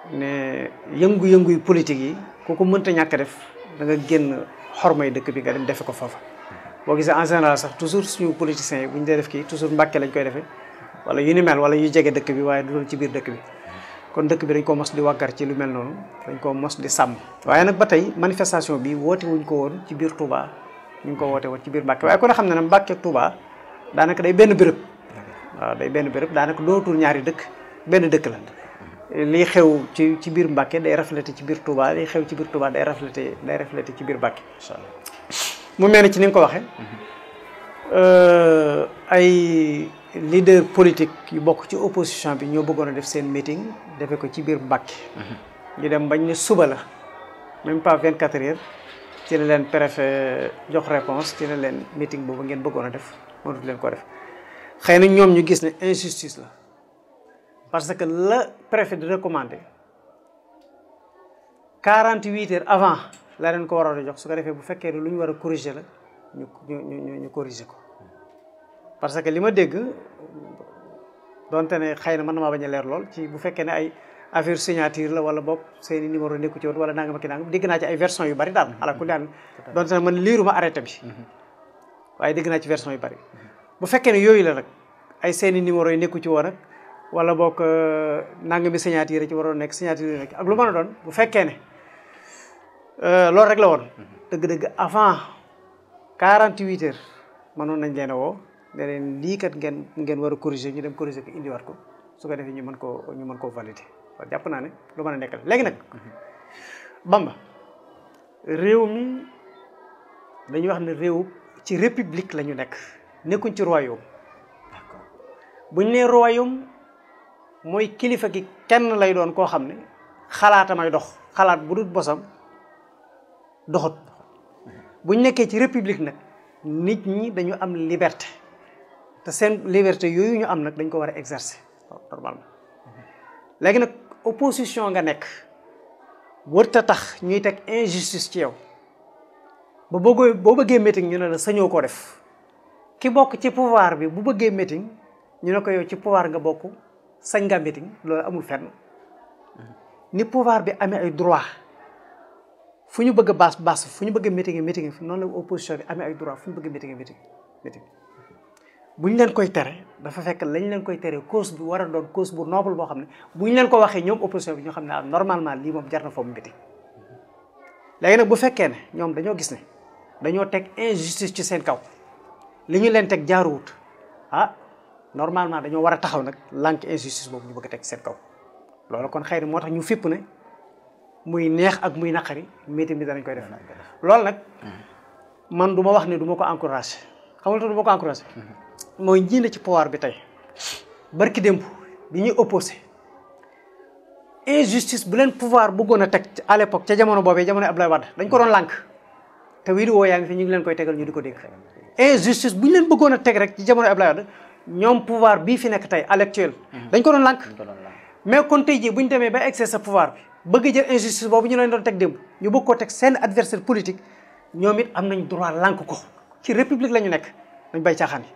mais yëngu-yëngu yu politique yi ku ko mënta ñàkk def da nga génn xormay dëkk bi nga dem defe ko foofa. boo gisee en général sax toujours suñu politiciens yi bu ñu dee def kii toujours mbàkke lañ koy defee wala yu wala yu jege dëkk bi waaye du doon ci biir dëkk bi. kon dëkk bi dañ ko mos di waggar ci lu mel noonu dañ koo mos di sàmm waaye nag ba tey manifestation bi woote wuñ ko woon ci biir Touba ñu ngi ko woote woon ci biir Mbàkke waaye kon ne xam ne ne Mbàkke ak Touba daanaka day benn béréb waaw day benn béréb daanaka dootul ñaari dëkk benn dëkk la lii xew ci ci biir Mbàkke day reflété ci biir Touba lii xew ci biir Touba day reflété day reflété ci biir Mbàkke mu mel ci ni ko waxee mm-hmm. euh, ay leader politique yu bokk ci opposition bi ñoo bëggoon a def seen meeting defe ko ci biir Mbàkke mm-hmm. ñu dem bañ ne suba la même pas 24 heures ci la leen préfet jox réponse ci la leen meeting boobu ngeen bëggoon a def mënut leen ko def xëy na ñoom ñu gis ne injustice la parce que la préfet di recommandé 48 heures avant la leen ko waroon a jox su ko defee bu fekkee ne lu ñu war a corriger la ñu ñu ñu corriger ko parce que li ma dégg donte ne xëy na mën na maa bañ a leer lool ci bu fekkee ne ay affaire signature la wala boog seeni numéro nekku ci woon wala nangam ak dégg naa ci ay yu bari daal mm-hmm. ala ku daan donte ne man liiruma arrêté mm-hmm. waaye dégg naa ci version yu bari bu fekkee yooyu la nag ay numéro yi nekku ci woon ak wala boog euh, nangami signature ci waroon nekk signature yi ak lu mën a doon bu fekkee ne euh, loolu rek la woon. dëgg-dëgg avant 48 heures mënoon nañ leen woo ne leen lii ngeen ngeen war a corriger ñu dem corriger ko indiwaat ko su ko defee ñu mën koo ñu mën koo valider jàpp naa ne lu mën a nekk la léegi nag. Bamba réew mi dañuy wax ne réew ci république la ñu nekk nekkuñ ci royaume. D'accord buñ nee royaume. mooy kilifa gi kenn lay doon koo xam ne xalaatamay dox xalaat bu dul bosam doxut bu ñu nekkee ci république nag nit ñi dañu am liberté te seen liberté yooyu ñu am nag dañ ko war a exercer normalement léegi nag opposition nga nekk wërta tax ñuy teg injustice ci yow ba bëggoo boo bëggee meeting ñu ne la sañoo koo def ki bokk ci pouvoir bi bu bëggee meeting ñu ne ko yow ci pouvoir nga bokk sañ nga meeting loolu amul fen ni pouvoir bi amee ay droit fu ñu bëgg a baas baas fu ñu bëgg a meeting meeting noonu la opposition bi amee ay ñu bëgg a meeting meeting meeting bu ñu leen koy tere dafa fekk lañ leen koy tere cause bi war a doon cause bu noble boo xam ne bu ñu leen ko waxee ñoom opposition bi ñoo xam ne ah normalement lii moom jar na foofu meeting léegi nag bu fekkee ne ñoom dañoo gis ne dañoo teg injustice ci seen kaw li leen teg jaaruwut ah normalement dañoo war a taxaw nag lànk injustice boobu ñu bëgg a teg seen kaw loolu kon xëy na moo tax ñu fipp ne muy neex ak muy naqari métier bi danañ koy def loolu nag mm-hmm. man du ma wax ne du ko encouragé xam nga tax du ma mm-hmm. mooy ñii na ci pouvoir bi tey barki démb bi ñuy opposé injustice bu leen pouvoir bëggoon a teg à l'époque ca jamono boobee jamono Abdoulaye Wade dañ ko doon lànk te vidéo yaa ngi fi ñu leen koy tegal ñu di ko dégg mm-hmm. injustice bu ñu leen bëggoon teg rek ci jamono Abdoulaye Wade ñoom pouvoir bii fi nekk tey à l'actuel mhm. dañ ko doon lànk mais kon tey jii bu ñu demee ba excès sa pouvoir bi bëgg jël injustice boobu ñu leen doon teg démb ñu bëgg koo teg seen adversaire politique ñoom it am nañ droit lànk ko ci république la ñu nekk dañ bay caaxaan yi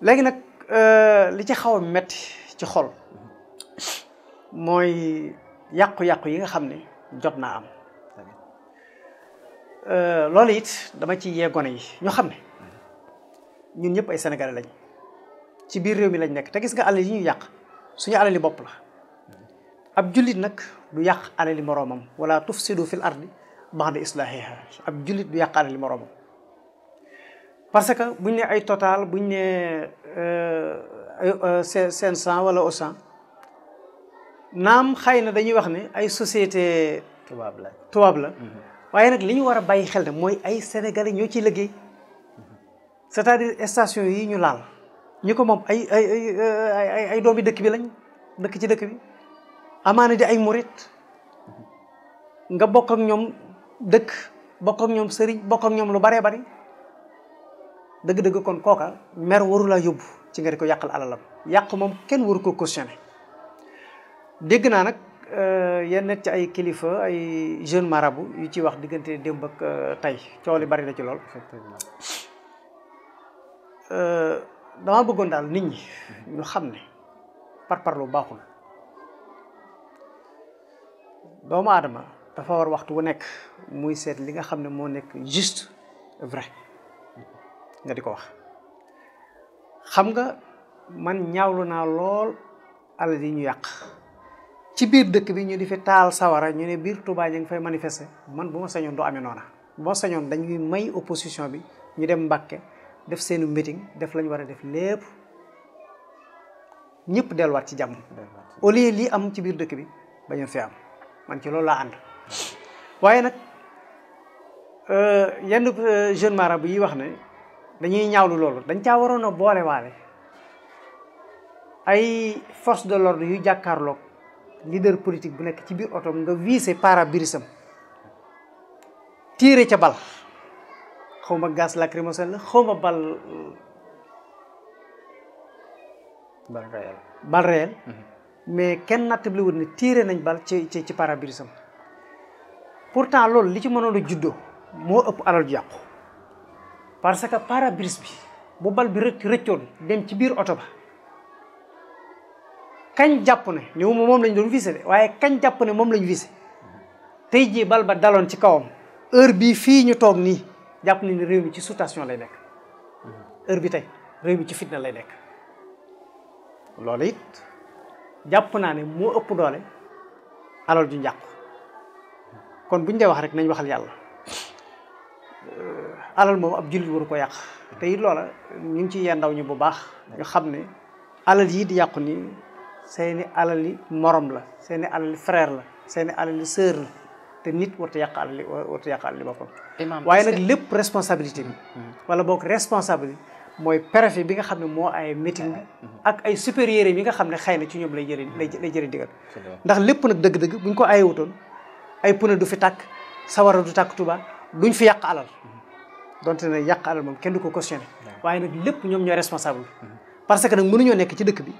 léegi nag euh, li ci xaw metti ci xol mooy yàqu-yàqu yi nga xam ne jot naa am euh, loolu it dama ci yee gone yi ñu xam ne ñun ñëpp ay sénégalais lañ ci biir réew mi lañ nekk te gis nga alal yi ñu yàq suñu alali bopp la ab jullit nag du yàq alali moroomam wala tufsidu fil ardi ba'da islahiha ab jullit du yàq alali moroomam parce que buñ ne ay total ñu ne euh, euh, cinq cent wala au cent naam xëy na dañuy wax ne ay société tubaab la tubaab la mm-hmm. waaye nag li ñu war a bàyyi xel ne mooy ay sénégalais ñoo ciy liggéey c'est-à-dire station yi ñu laal ñi ko moom ay ay ay doomi dëkk bi lañ dëkk ci dëkk bi amaana di ay murit nga bokkak ñoom dëkk bokk ñoom sëriñ bokk ak ñoom lu baree bari dëgg-dëgg kon kooka mer waru laa yóbbu ci nga di ko yàqal alalam yàq moom kenn waru ko cautionné dégg naa nag euh, yenn ci ay kilifa ay jeune marabu yu ci wax diggante démb ak euh, tey coow li bari na ci lool Euh, dama bëggoon daal nit ñi ñu xam ne par lu baaxul doomu aadama dafa war waxtu bu nekk muy seet li nga xam ne moo nekk juste vrai nga di ko wax xam nga man ñaawlu naa lool alal yi ñu yàq ci biir dëkk bi ñu di fi taal sawara ñu ne biir tubaay ñu ngi fay manifester man bu ma sañoon doo amee noona bu ma sañoon dañuy may opposition bi ñu dem Mbàkke def seenu meeting def lañu war a def lépp ñëpp delluwaat ci jàmm au lieu lii am ci biir dëkk bi bañu fi am man ci loolu laa ànd waaye nag euh, yenn euh, jeune mara marabout yi wax ne dañuy ñaawlu loolu dañ caa waroon a boole waale ay force de l'ordre yu jàkkaarloog leader politique bu nekk ci biir otom nga visé para birisam tiire ca bal xaw ma gaz lacrymogène la xaw ma bal bal réel bal réel mm-hmm. mais kenn nattable wut ne tiire nañ bal ci ci ci pare pourtant loolu li ci mënoon a juddoo moo ëpp alal ju yàqu parce que pare bi bu bal bi rëcc rëccoon dem ci biir oto ba kañ jàpp ne néew ma moom lañ doon visé de waaye kañ jàpp ne moom lañ visé mm-hmm. tey jii bal ba daloon ci kawam heure bii fii ñu toog nii jàpp nañ ne réew mi ci situation lay nekk heure bi tey réew mi ci fitna lay nekk loolu it jàpp naa ne moo ëpp doole alal ju njàqu kon buñ dee wax rek nañ waxal yàlla euh, alal moom ab jullit waru ko yàq te it loola ñu ngi ci yee ndaw ñi bu baax ñu xam ne alal yii di yàqu nii seeni alali morom la seeni alali frère la seeni alali sœur la te nit warut a yàq alali warut a yàq waaye nag lépp responsabilité bi. Mm-hmm. wala boog responsable mooy préfet bi nga xam ne moo ay meeting bi. Mm-hmm. ak ay supérieurs yi nga xam ne xëy na ci ñoom lay jëriñ lay mm-hmm. jëriñ digal. ndax lépp nag dëgg-dëgg buñ ko ayewutoon ay pneu du fi tàkk sawara du tàkk Tuuba duñ fi yàq alal donte ne yàq alal moom kenn du ko questionné. waaye nag lépp ñoom ñoo responsable. parce que nag mënuñoo nekk ci dëkk bi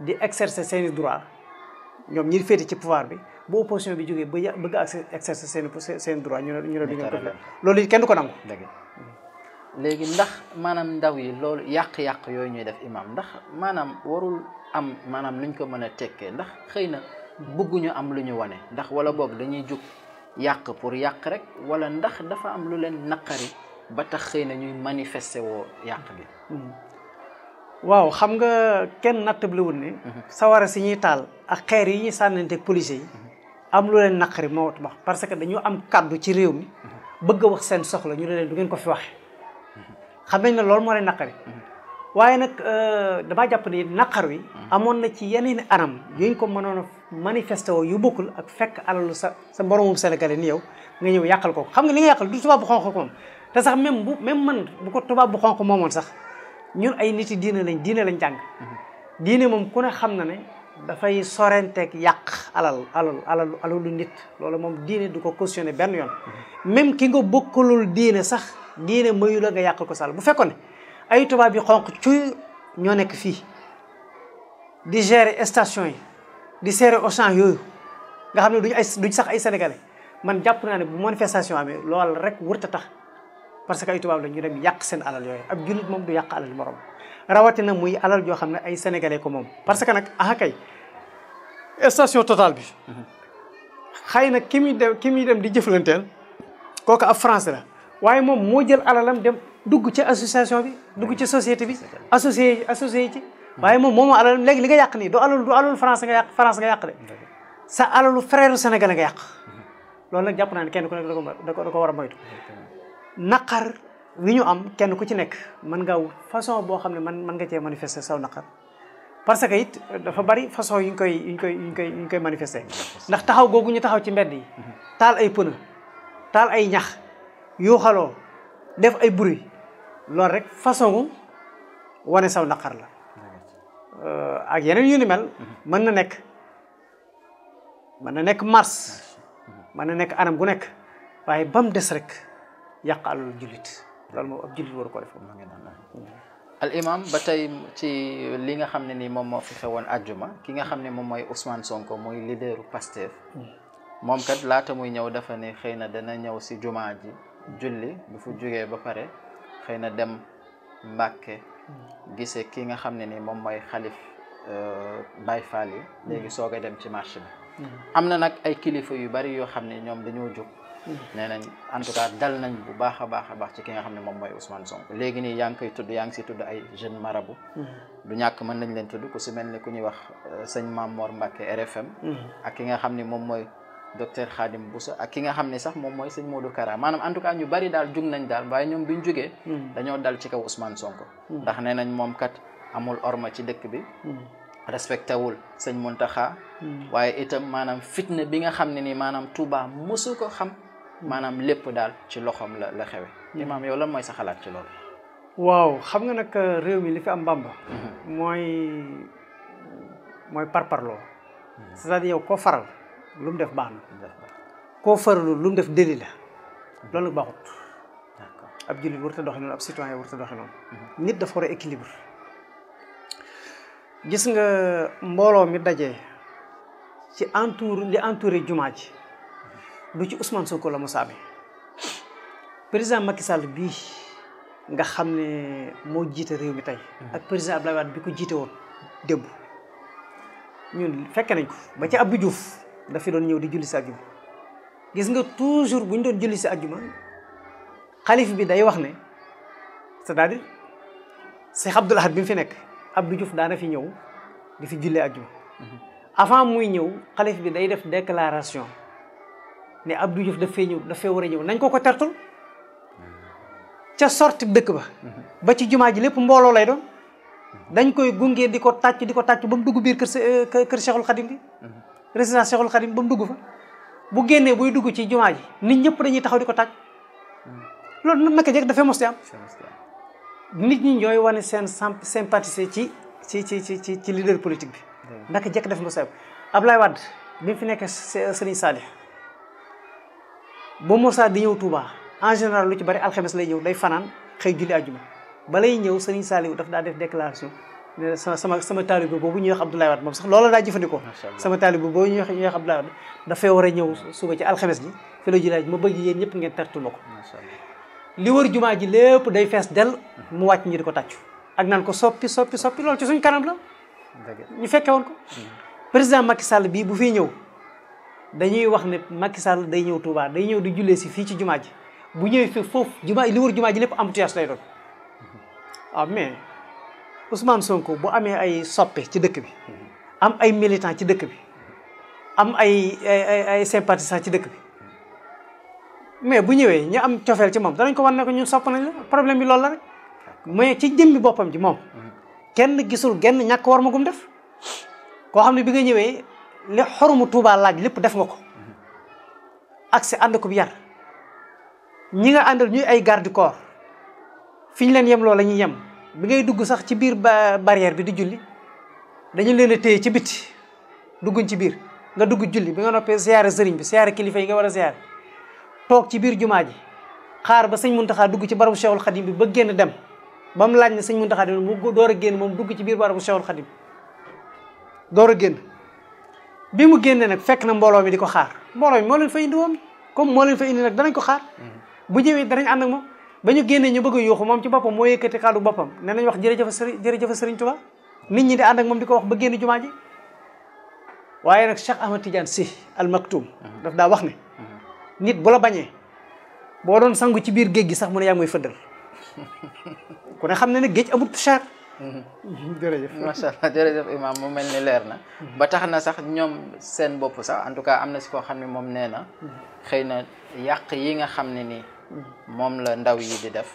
di exercer seeni droit ñoom ñi féete ci pouvoir bi. boo opposition bi jógee ba bëgg a exercer seen seen droit ñu ne ñu ne du ñu ko loolu kenn du ko nangu. léegi ndax maanaam ndaw yi loolu yàq-yàq yooyu ñuy def imam ndax maanaam warul am maanaam luñ ko mën a tekkee ndax xëy na bëgguñu am lu ñu wane ndax wala boog dañuy jóg yàq pour yàq rek wala ndax dafa am lu leen naqari ba tax xëy na ñuy manifester woo yàq bi. Hmm. waaw xam nga kenn nattablewul ne. Hmm. sawara si ñuy taal ak xeer yi ñuy sànnanteeg policiers yi. Hmm. am lu leen naqari moo tax parce que dañoo am kàddu ci réew mi bëgg a wax seen soxla ñu ne leen du ngeen ko fi waxe xam nañ ne loolu moo leen naqari waaye nag euh, damaa jàpp ne naqar wi amoon na ci yeneen anam yuñ ko mënoon a manifesté yu bokkul ak fekk alalu sa sa mboroomu sénégalais ni yow nga ñëw yàqal ko xam nga li nga yàqal du tubaab bu xonq ko moom te sax même bu même man bu ko tubaab bu xonq moomoon sax ñun ay nit yi diine lañ diine lañ jàng mm-hmm. diine moom ku xam na ne dafay sorenteeg yàq alal alal alalu lu nit loolu moom diine du ko cautionné benn yoon même ki nga bokkalul diine sax diine mayu la nga yàqal ko sal bu fekkoon ne ay tubaab yi xonq cuy ñoo nekk fii di gere station yi di gérer Auchan yooyu nga xam ne du ay duñ sax ay sénégalais man jàpp naa ne bu manifestation amee rek wërta tax parce que ay tubaab la ñu yàq seen alal yooyu ab jullit moom du yàq alal moroom rawatina muy alal joo xam ne ay sénégalais ko moom parce que nag ah kay station Total bi xëy na ki muy dem ki muy dem di jëflanteel kooku ab france la waaye moom moo jël alalam dem dugg ci association bi dugg ci société bi associé associé ci waaye moom moomoo alalam léegi li nga yàq nii du alalu du alalu France nga yàq France nga yàq de sa alalu frère Sénégal nga yàq loolu nag jàpp naa ne kenn ku nekk da ko da ko war a moytu naqar li ñu am kenn ku ci nekk mën nga façon boo xam ne man mën nga cee manifester saw naqar parce que it dafa bari façon yu ñu koy yu koy yu koy yu ñu koy manifester ndax taxaw googu ñu taxaw ci mbedd yi taal ay pneu taal ay ñax yuuxaloo def ay bruit loolu rek façon wane saw naqar la euh, ak yeneen yu ni mel mën na nekk mën na nekk mars mën na nekk anam gu nekk waaye ba mu des rek yàq alal jullit loolu moom ab jullit waru ko def ma ngeen naan al ba tey ci li nga xam ne ni moom moo fi xewoon àjjuma ki nga xam ne moom mooy Ousmane Sonko mooy leaderu Pastef moom kat laata muy ñëw dafa ne xëy na dana ñëw si jumaa ji julli bu fu jógee ba pare xëy na dem Mbàkke gise ki nga xam ne ni moom mooy xalif euh, Baye Fall yi léegi soog a dem ci marché bi mm. ay kilifa yu bari yoo xam ne ñoom dañoo jóg nee nañ en tout dal nañ bu baax a baax ci ki nga xam ne moom mooy Ousmane Sonko léegi nii yaa ngi koy tudd yaa ngi si tudd ay jeune marabout mm-hmm. du ñàkk mën nañ leen tudd ku si mel ni wax euh, sëñ Mamor Mbacke RFM mm-hmm. ak ki nga xam ni moom mooy docteur Khadim Boussa ak ki nga xam ne sax moom mooy sëñ Modou Kara maanaam en tout cas ñu bari daal jug nañ daal waaye ñoom biñ jugee mm-hmm. dañoo dal ci kaw Ousmane Sonko ndax nee nañ moom kat amul orma ci dëkk bi respecté wul sëñ Mountakha waaye itam maanaam fitna bi nga xam ne nii maanaam Touba mosu ko xam maanaam lépp daal ci loxoom la la xewe hmm. imaam yow lan mooy sa xalaat ci loolu waaw xam nga nag euh, réew mi li fi am bamba hmm. mooy mooy parparloo hmm. c'est-à-dire yow koo faral lu mu def baax na koo faralu lu mu def déli la loolu nag baaxut ab jullit warut a doxe noonu ab citoyen warut a doxe noonu nit dafa war a équilibre gis nga mbooloo mi daje ci entour li entouré jumaa ji du ci Ousmane Sonko la mos président Macky Sall bii nga xam ne moo jiite réew mi tey. Mhm. ak président Abdoulaye Wade bi ko jiite woon démb. ñun fekke nañ ko ba ci Abdou Diouf dafi doon ñëw di julli si àjjuma gis nga toujours bu ñu doon julli si àjjuma xalif bi day wax ne c'est-à-dire Cheikh Abdoul Ahad bi mu fi nekk Abdou Diouf daana fi ñëw di fi jullee àjjuma mhm. avant muy ñëw xalif bi day def déclaration. ne ab Diouf daf fee ñëw daf war a ñëw nañ ko ko tertul ca sorti dëkk ba ba ci jumaa ji lépp mbooloo lay doon dañ koy gunge di ko tàcc di ko tàcc ba mu dugg biir kër eh, kër Cheikhul Khadim bi résidence Cheikhul Khadim ba mu dugg fa bu génnee buy dugg ci jumaa ji nit ñëpp dañuy taxaw di ko tàcc loolu naka jekk dafay mos di nit ñi ñooy wane seen sympathisé ci ci ci ci ci ci leader politique bi naka jekk dafa mos di am Ablaye wadd bi mu fi nekk Serigne Saliou ba Moussa di ñëw Touba en général lu ci bari alxames lay ñëw day fanaan xëy julli àjjuma balay ñëw Serigne Saliou daf daa def déclaration ne sama sama taalibe boobu ñu wax Abdoulaye Wade moom sax loola daa jëfandikoo sama taalibe boobu ñuy wax ñuy wax Abdoulaye Wade dafay war a ñëw suba ci alxames ji fi la julli ma bëgg yéen ñëpp ngeen tertu ma ko li wër jumaa ji lépp day fees del mu wàcc ñi di ko tàccu ak naan ko soppi soppi soppi loolu ci suñ kanam la ñu fekkee woon ko mm. président Macky Sall bii bu fiy ñëw dañuy wax ne Macky Sall day ñëw Touba day ñëw di jullee si fii ci jumaa ji bu ñëwee fi foofu jumaa li wër jumaa ji lépp embouteillage lay doon waaw ah, mais Ousmane Sonko bu amee ay soppe ci dëkk bi am ay militant ci dëkk bi am ay ay ay sympathisant ci dëkk bi mais bu ñëwee ñu am cofeel ci moom danañ ko war ne ko ñun sopp nañ la problème bi loolu la rek mais ci jëmmi boppam ji moom kenn gisul genn ñàkk war ma gum def koo xam ne bi nga ñëwee li xormu Touba laaj lépp def nga ko ak si ànd ko bi yar ñi nga àndal ñuy ay garde corps fi leen yem loo la yem bi ngay dugg sax ci biir barrière bi di julli dañu leen a téye ci biti dugguñ ci biir nga dugg julli bi nga noppee siyaare sëriñ bi siyaare kilifa yi nga war a siyaare toog ci biir jumaa ji xaar ba sëñ Muntaxa dugg ci barabu Cheikhul Khadim bi ba génn dem bam mu ne sëñ Muntaxa dem door a génn moom dugg ci biir barabu Cheikhul Khadim door a génn bi mu génnee nag fekk na mbooloo mi di ko xaar mbooloo mi moo leen fa indi woon comme moo leen fa indi nag danañ ko xaar mm-hmm. bu ñëwee danañ ànd ak moom ba ñu ñu bëgg a moom ci boppam moo yëkkati kàddu boppam ne nañ wax jërëjëf sëriñ jërëjëf sëriñ Tuubaa nit ñi di ànd ak moom di ko wax ba génn jumaa waaye nag Cheikh Ahmad Tidiane Sy mm-hmm. daf daa wax ne mm-hmm. nit bu la bañee boo doon sangu ci biir géej gi sax mu ne yaa mooy fëddal ku ne xam ne ne géej amut cher Mm-hmm. jërëjëf macha allah jërëjëf imam mu mel ni leer na mm-hmm. ba tax na sax ñoom seen bopp sax en tout cas am na si koo xam ne moom nee na mm-hmm. xëy na yàq yi nga xam ne nii moom la ndaw yi di def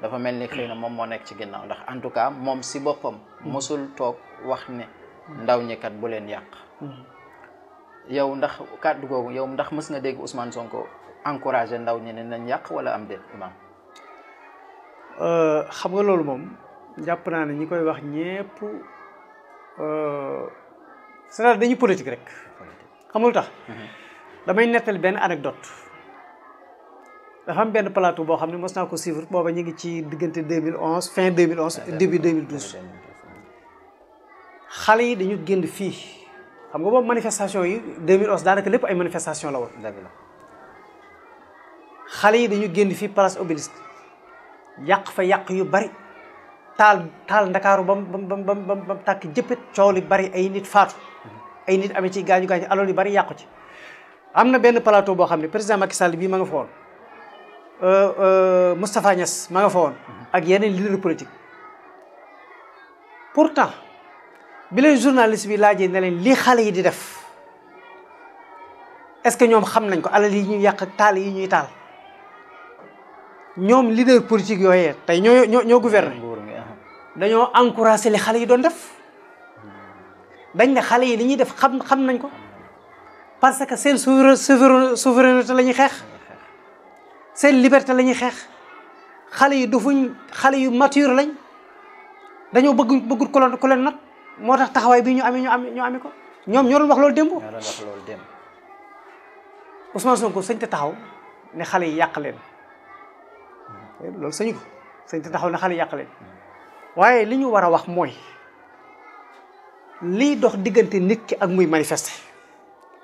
dafa mel ni xëy na moom moo nekk ci ginnaaw ndax en tout cas moom si boppam mosul toog wax ni ndaw ñi kat bu leen yàq yow ndax kàddu googu yow ndax mës nga dégg Ousmane Sonko encouragé ndaw ñi ne nañ yàq wala am de imam euh, xam nga loolu moom jàpp naa ne ñi koy wax ñépp euh, c'est-à-dire dañuy politique rek xamul tax mhm. damay nettali benn anecdote dafa am benn plateau boo xam ne mos naa ko suivre booba ñu ngi ci diggante 2011 fin 2011 ah, début 2012 xale yi dañu génn fii xam nga boobu manifestation yi 2011 daanaka lépp ay manifestation la woon xale yi dañu génn fii place Obélisque yàq fa yàq yu bari taal taal ndakaaru bam bam bam bam tàkk jëppit coow li bari ay nit faatu ay nit amee ci gaañu gaañu alal yu bari yàqu ci am na benn plateau boo xam ne président Macky Sall bii ma nga fa woon euh, euh, Moustapha Niass ma fa woon ak yeneen leader politique pourtant bi leen bi laajee ne lii xale yi di def est-ce que ñoom xam nañ ko alal yi ñuy yàq taal yi ñuy taal ñoom leader politique yooyee tey ñoo ñoo dañoo encouragé li xale yi doon def dañ ne xale yi li ñuy def xam xam nañ ko parce que seen souveraineté la ñuy xeex seen liberté la ñuy xeex xale yi dufuñ xale yu mature lañ dañoo bëgg bëggut ku leen ku leen nag moo tax taxawaay bi ñu amee ñu am ñu amee ko ñoom ñoo doon wax loolu démb. ñoo doon wax loolu démb. sëñ te taxaw ne xale yi yàq leen loolu sëñ ko sëñ te taxaw ne xale yi yàq leen. waaye li ñu war a wax mooy li dox diggante nit ki ak muy manifester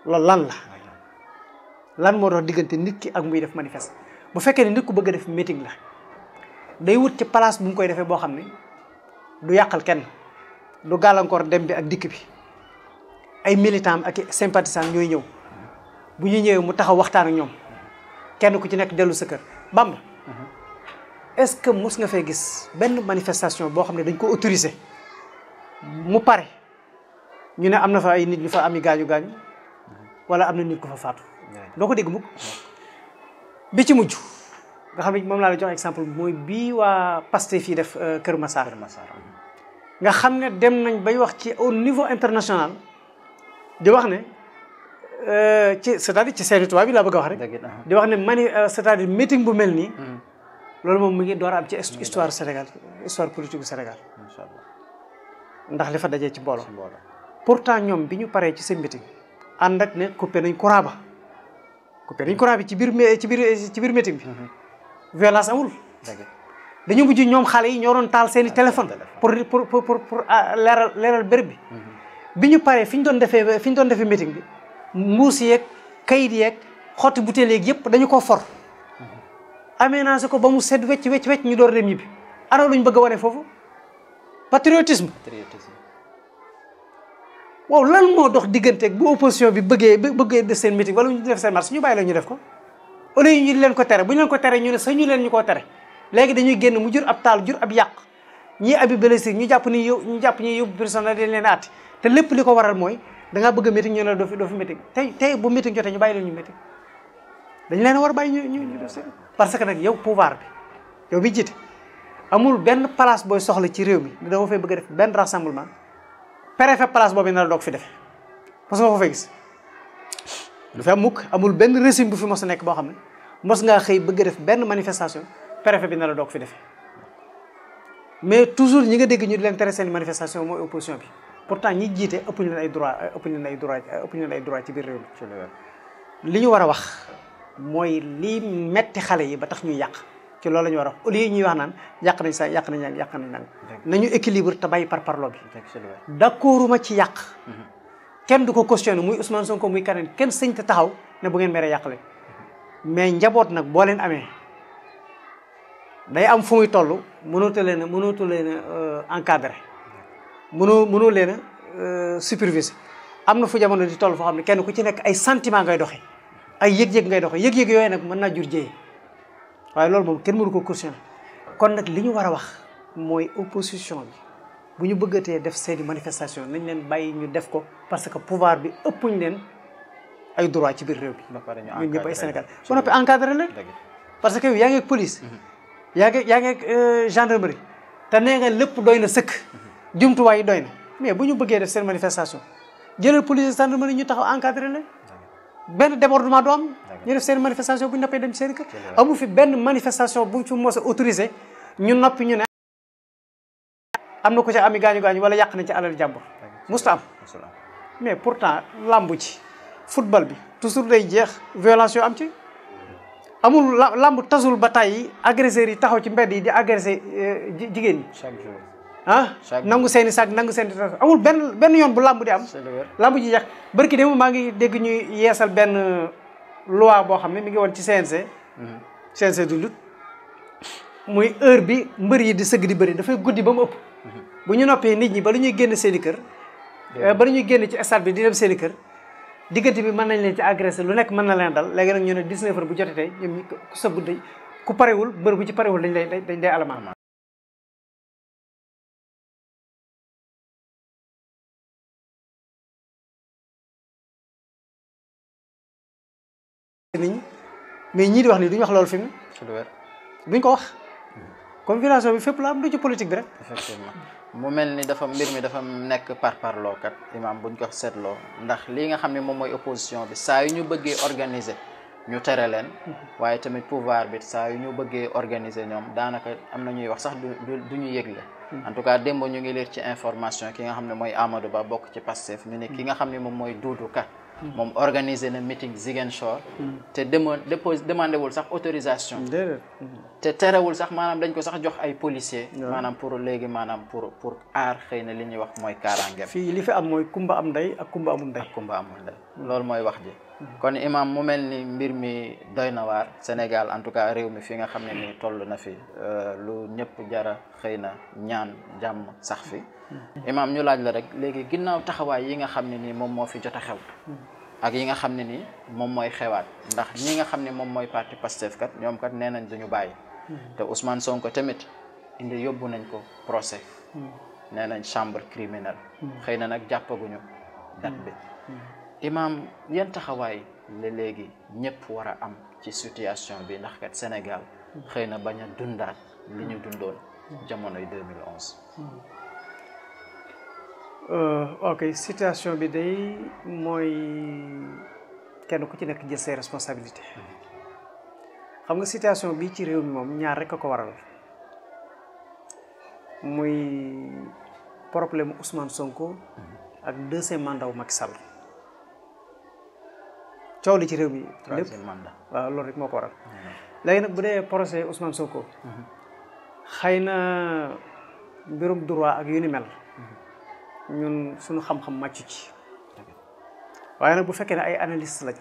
loolu lan la lan moo dox diggante nit ki ak muy def manifester bu fekkee ne nit ku bëgg a def meeting la day wut ci place bu mu koy defee boo xam ne du yàqal kenn du gàllankoor dem bi ak dikk bi ay militant ak sympathisant ñooy ñëw bu ñu ñëwee mu taxaw waxtaan ak ñoom kenn ku ci nekk dellu sa kër Bamba est-ce que mus nga fee gis benn manifestation boo xam ne dañ ko autorisé mu pare ñu ne am na fa ay nit ñu fa ami gaañu gaañu wala am na nit ko fa faatu doo ko dégg mukk bi ci mujj nga xam ne moom laa la jox exemple mooy bii waa Pastef fii def euh, Kër Massar nga xam ne dem nañ bay wax ci au niveau international di wax ne euh, ci c'est-à-dire ci seeni tubaab bi laa bëgg a wax rek di wax ne euh, c'est-à-dire meeting bu mel nii hmm. loolu moom mu ngi door a am ci histoire Sénégal histoire politique bu Sénégal ndax li fa dajee ci mbooloo pourtant ñoom bi ñu paree ci seen meeting ànd ak ne coupé nañ courant ba coupé nañ courant bi ci biir ci biir ci biir meeting bi mhm. violence amul dañu mujj ñoom xale yi ñoo doon taal seen i téléphone pour pour pour pour ah, leeral leeral béréb bi mhm. bi ñu paree fi ñu doon defee fi ñu doon defee meeting bi mbuus yeeg kayit yeeg xotti butéel yeeg yëpp dañu ko for aménagé ko ba mu set wecc wecc wecc ñu door dem ñibbi ana luñ bëgg a wane foofu patriotisme. patriotisme waaw lan moo dox digganteeg bu opposition bi bëggee bëggee de seen meeting wala ñu def seen marche ñu bàyyi la ñu def ko. au lieu ñu leen ko tere bu ñu leen ko tere ñu ne sax ñu leen ñu koo tere léegi dañuy génn mu jur ab taal jur ab yàq ñii abi blessé ñu jàpp ni yow ñu jàpp ñi yóbbu dañ leen aati te lépp li ko waral mooy danga ngaa bëgg a meeting ñu ne doo fi doo tey tey bu meeting jotee ñu bàyyi leen ñu meeting dañ leen war bàyyi parce que nag yow pouvoir bi yow mi jiite amul benn place booy soxla ci réew mi ni dama bëgg a def benn rassemblement préfet place boobu na la doog fi defe mos nga ko gis du fi mukk amul benn régime bu fi mos a nekk boo xam ne mos ngaa xëy bëgg a def benn manifestation préfet bi na la doog fi defe mais toujours ñi nga dégg ñu di leen tere seen manifestation mooy opposition bi pourtant ñi jiite ëpp ñu leen ay droit ëpp ñu leen ay droit ci biir réew li ñu war a wax mooy lii metti xale yi ba tax ñuy yàq ci loolu la ñu war a wax au ñuy wax naan yàq nañ sa yàq nañ nag yàq nag nañu équilibre te bàyyi par parlo bi d'accord ma ci yàq mhm. kenn du ko questionné muy Ousmane Sonko muy keneen kenn sëñ te taxaw ne bu ngeen meree yàq leen mais njaboot nag boo leen amee day am fu muy toll mënootu leen a mënootu leen a euh, encadré mënoo mënoo leen a euh, superviser am na fu jamono di toll foo xam ne kenn ku ci nekk ay sentiment ngay doxee ay yëg-yëg ngay doxee yëg-yëg yooyu nag mën naa jur jëye waaye loolu moom kenn mënu ko cautionné kon nag li ñu war a wax mooy opposition bi bu ñu bëggatee def seeni manifestation nañ leen bay ñu def ko parce que pouvoir bi ëppuñ leen ay droit ci biir réew bi ñun ñëpp ay Sénégal ba noppi encadré leen parce que yow yaa ngi ak police mhm. yaa ngi yaa ngi ak euh, nee nga lépp doy na sëkk mhm. jumtuwaayu yi doy na mais bu ñu bëggee def seen manifestation jëlal police gendarmerie ñu taxaw encadré benn débordement du am ñu def seen manifestation bu ñu noppee dem ci seen kër amu fi benn manifestation bu ñu fi mos a autorisé ñu noppi ñu ne am na ko ci ami gaañu gaañu wala yàq nañ ci alal jàmbur musta am mais pourtant làmb ci football bi toujours day jeex violence yoo am ci amul làmb tasul ba tey agresseurs yi taxaw ci mbedd yi di agressé euh, jigéen ñi ah nangu seeni i nangu seen i amul benn benn yoon bu làmb di am làmb ji yàq barki démb maa ngi dégg ñuy yeesal benn euh, loi boo xam ne mi ngi woon ci CNG mhm. CNG du lutte muy heure bi mbër yi di sëgg di bëri dafay guddi ba mu ëpp mhm. bu ñu noppee nit ñi ba lu ñuy génn seeni i kër euh, ba lu ñuy génn ci stade bi di dem seen i kër diggante bi mën nañ leen ci agressé lu nekk mën na leen dal léegi nag ñu ne 19 bu jotee ñoom ku sëgg ku parewul mbër bu ci parewul dañ lay dañ lay alamaan nit mais ñii di wax nii duñu wax loolu fi mu duñ ko wax comme bi fépp la am du ci politique bi rek effectivement mu mel ni dafa mbir mi dafa nekk par parloo kat imaam buñ ko seetloo ndax lii nga xam ne moom mooy opposition bi saa yu ñu bëggee organiser ñu tere leen mm-hmm. waaye tamit pouvoir bi saa yu ñu bëggee organiser ñoom daanaka am na ñuy wax sax du du ñu yëgle mm-hmm. en tout cas démb ñu ngi leer ci information ki nga xam ne mooy amado Ba bokk ci Pastef ñu ne ki nga xam ne moom mooy Doudou Ka moom organiser na meeting Ziguinchor. te demoon déposé demandé wul sax autorisation. te terewul sax maanaam dañ ko sax jox ay policiers. maanaam pour léegi maanaam pour pour aar xëy na li ñuy wax mooy kaaraangeem. fii li fi am mooy kumba am ndey ak kumba amul ndey. ak kumba amul ndey loolu mooy wax ji. kon imam mu mel ni mbir mi doy na waar Sénégal en tout cas réew mi fi nga xam ne ni toll na fi euh, lu ñëpp jara xëy na ñaan jàmm sax fi hmm. imam ñu laaj la rek léegi ginnaaw taxawaay yi nga xam ne nii moom moo fi jot a xew hmm. ak yi nga xam ne ni moom mooy xewaat ndax ñi nga xam ne moom mooy parti Pastef kat ñoom kat nee nañ duñu bàyyi hmm. te Ousmane Sonko tamit indi yóbbu nañ ko procès nee nañ chambre criminelle xëy na nag jàppaguñu date bi imaam yan taxawaay la léegi ñëpp war a am ci situation bi ndax kat Sénégal xëy na bañ a dundaat li ñu dundoon jamonoy 2011. Euh, ok situation bi day mooy kenn ku ci nekk jël say responsabilité xam nga situation bi ci réew mi moom ñaar rek a ko waral muy problème Ousmane Sonko ak deuxième mandat Macky Sall coow li ci réew mi. lépp waaw loolu rek moo ko waral. léegi nag bu dee procès Ousmane ko xëy na mbirum droit ak yu ni mel. ñun suñu xam-xam màccu ci. waaye nag bu fekkee ne ay analyste lañ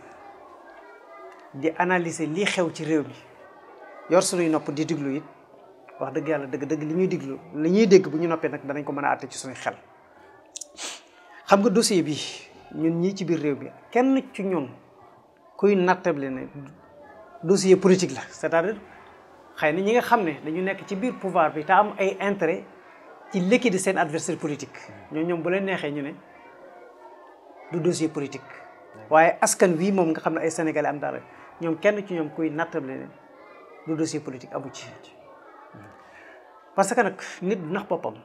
di analyser lii xew ci réew mi yor sunuy nopp di diglu it wax dëgg yàlla dëgg-dëgg li ñuy diglu li ñuy dégg bu ñu noppee nag danañ ko mën a àtte ci suñuy xel. xam nga dossier bi ñun ñii ci biir réew mi kenn ci ñun. kuy nattable ne dossier politique la c'est-à-dire xëy na ñi nga xam ne dañu nekk ci biir pouvoir bi te am ay intérêt ci liquider seen adversaire politique ñoo ñoom bu leen neexee ñu ne du dossier politique waaye askan wii moom nga xam ne ay sénégalais am dara ñoom kenn ci ñoom kuy nattable ne du dossier politique amu ci parce que nag nit du nax boppam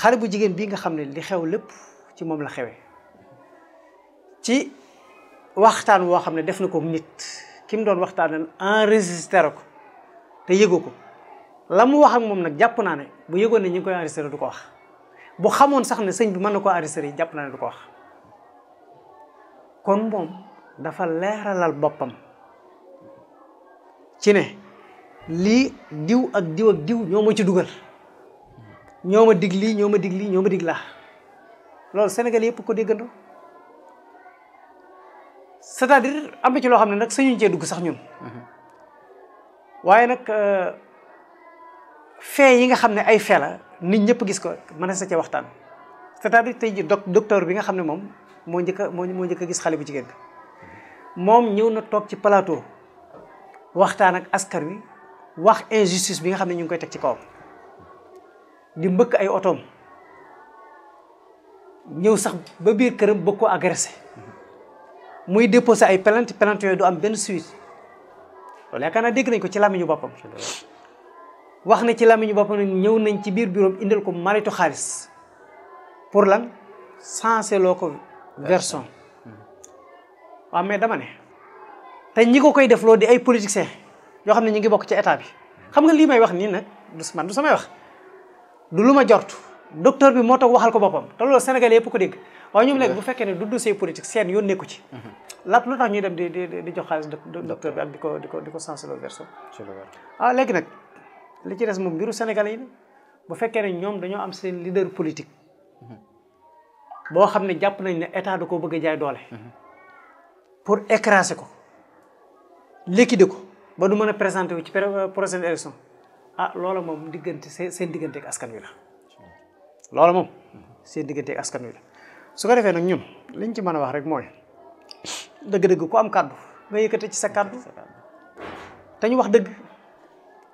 xale bu jigéen bii nga xam ne li xew lépp ci moom la xewee waxtaan woo xam ne def na ko nit ki mu doon waxtaan enregistré ko te yëgu ko la mu wax ak moom nag jàpp naa ne bu yëgoon ne ñu ngi koy enregistré du ko wax bu xamoon sax ne sëñ bi mën na koo enregistré yi jàpp naa ne du ko wax kon moom dafa leeralal boppam ci ne lii diw ak diw ak diw ñoo ma ci dugal ñoo ma dig lii ñoo ma dig lii ñoo ma dig laa loolu senegal yëpp ko déggandoo cest à ci loo xam ne nag sañuñ cee dugg sax ñun waaye nag euh, fee yi nga xam ne ay fee nit ñëpp gis ko mën na sa cee waxtaan c'est-à-dire tey ji docteur bi nga xam ne moom moo njëkk moo moo njëkk gis xale bu jigéen bi moom ñëw na toog ci plateau waxtaan ak askan wi wax injustice bi nga xam ne ñu ngi koy teg ci kawam di mbëkk ay otoom ñëw sax ba biir këram bëgg koo agressé muy déposé ay plainte plainte yooyu du am benn suite loolu yaakaar naa dégg nañ ko ci làmmiñu boppam wax na ci làmmiñu boppam ne ñëw nañ ci biir bureau indil ko maritu xaalis pour lan sensé loo ko version waaw mais dama ne te ñi ko koy def loo di ay politiciens yoo xam ne ñu ngi bokk ci état bi xam nga lii may wax nii nag du du samay wax du lu ma docteur bi moo tax waxal ko boppam te loolu Sénégalais yëpp ko dégg waaye ñoom léegi bu fekkee ne du dossier politique seen yoon nekku ci. Mhm. laata lu tax ñuy dem di di di jox xaalis docteur bi ak di ko di ko di ko sensé le verso. ah léegi nag li ci des moom mbiru Sénégalais yi bu fekkee ne ñoom dañoo am seen leader politique mhm. boo xam ne jàpp nañ ne état da koo bëgg a jaay doole. Mhm. pour écraser ko liquider ko ba du mën a présenter wu ci euh, prochaine élection ah loola moom diggante seen seen diggante askan wi la. loola moom seen diggante askan wi la su ko defee nag ñun liñ ci mën a wax rek mooy dëgg-dëgg ko am kàddu nga yëkkate ci sa kàddu te ñu wax dëgg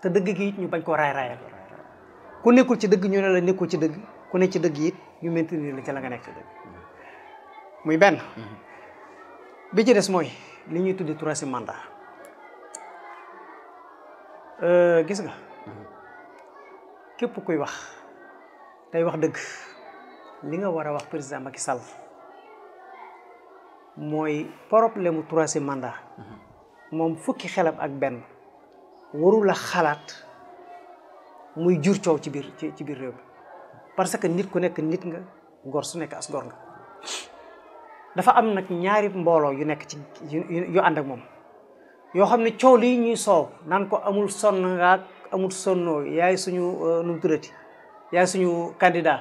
te dëgg gi it ñu bañ koo raay raayal ku nekkul ci dëgg ñu ne la nekkul ci dëgg ku ne ci dëgg it ñu maintenir la ci la nga nekk muy benn bi ci des mooy li ñuy tuddi troisième mandat euh, gis nga képp kuy wax tey wax dëgg li nga war a wax président Macky sal mooy problème mu troisième mandat moom fukki xelam ak benn warula xalaat muy jur coow ci biir ci biir réew parce que nit ku nekk nit nga gor su nekk as gor nga dafa am nag ñaari mbooloo yu nekk ci yu ànd ak moom yoo xam ne coow lii ñuy soow naan ko amul sonn nga amul sonnoo yaay suñu euh, nu mu yaay suñu candidat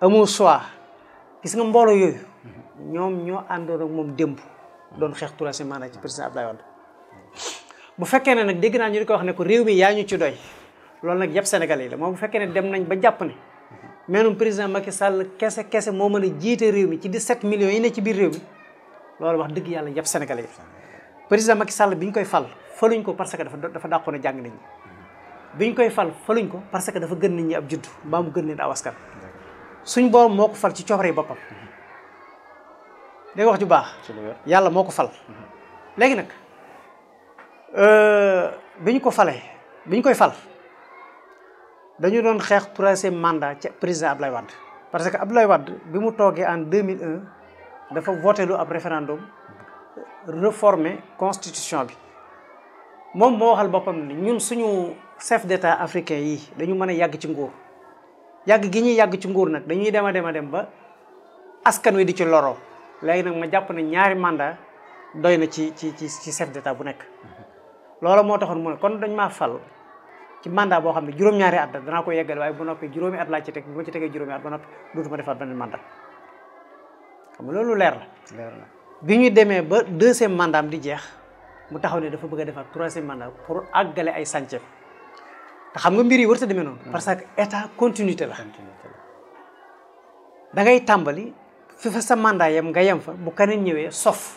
amoo choix gis nga mbooloo yooyu mhm. ñoom ñoo àndoon ak moom démb doon xeex troisième mandat ci président Abdoulaye Wade bu fekkee ne nag dégg naa ñu di ko wax ne ko réew mi yaa ñu ci doy loolu nag yëpp Sénégalais yi la moom bu fekkee ne dem nañ ba jàpp ne meenum président Macky Sall kese kese moo mën a jiite réew mi ci 17 millions yi ne ci biir réew mi loolu wax dëgg yàlla yëpp Sénégalais yi président Macky Sall bi ñu koy fal faluñ ko parce que dafa dafa dàqoon jàng nit biñ koy fal faluñ ko parce que dafa gën nit ñi ab judd mbaa mu gën nit aw askan suñ boobu moo ko fal ci coobare boppam dégg wax ju baax yàlla moo ko fal mhm. léegi nag euh, bi ñu ko falee biñ koy fal dañu doon xeex troisième mandat ca président lay Wade parce que ab Abdoulaye wadd bi mu toogee en 2001 dafa voté ab référendum mhm. réformer constitution bi moom moo waxal boppam ne ñun suñu chef d'état africain yi dañu mën a yàgg ci nguur yàgg gi ñuy yàgg ci nguur nag dañuy dem a dem a dem ba askan wi di ci loro léegi nag ma jàpp na ñaari mandat doy na ci ci ci ci chef d'état bu nekk. loolu moo taxoon mu ne kon dañ ma fal ci mandat boo xam ne juróom-ñaari at danaa ko yeggale waaye bu noppi juróomi at laa ci teg bu ma ci tegee juróomi at ba noppi dootuma defaat beneen mandat xam loolu leer la. bi ñu demee ba deuxième mandat di jeex mu taxaw ne dafa bëgg defaat troisième mandat pour àggale ay sànceef. te xam nga mbir yi war a demee noonu. parce que état continuité la. da ngay tàmbali fi fa sa mandat nga yem fa bu keneen ñëwee sof.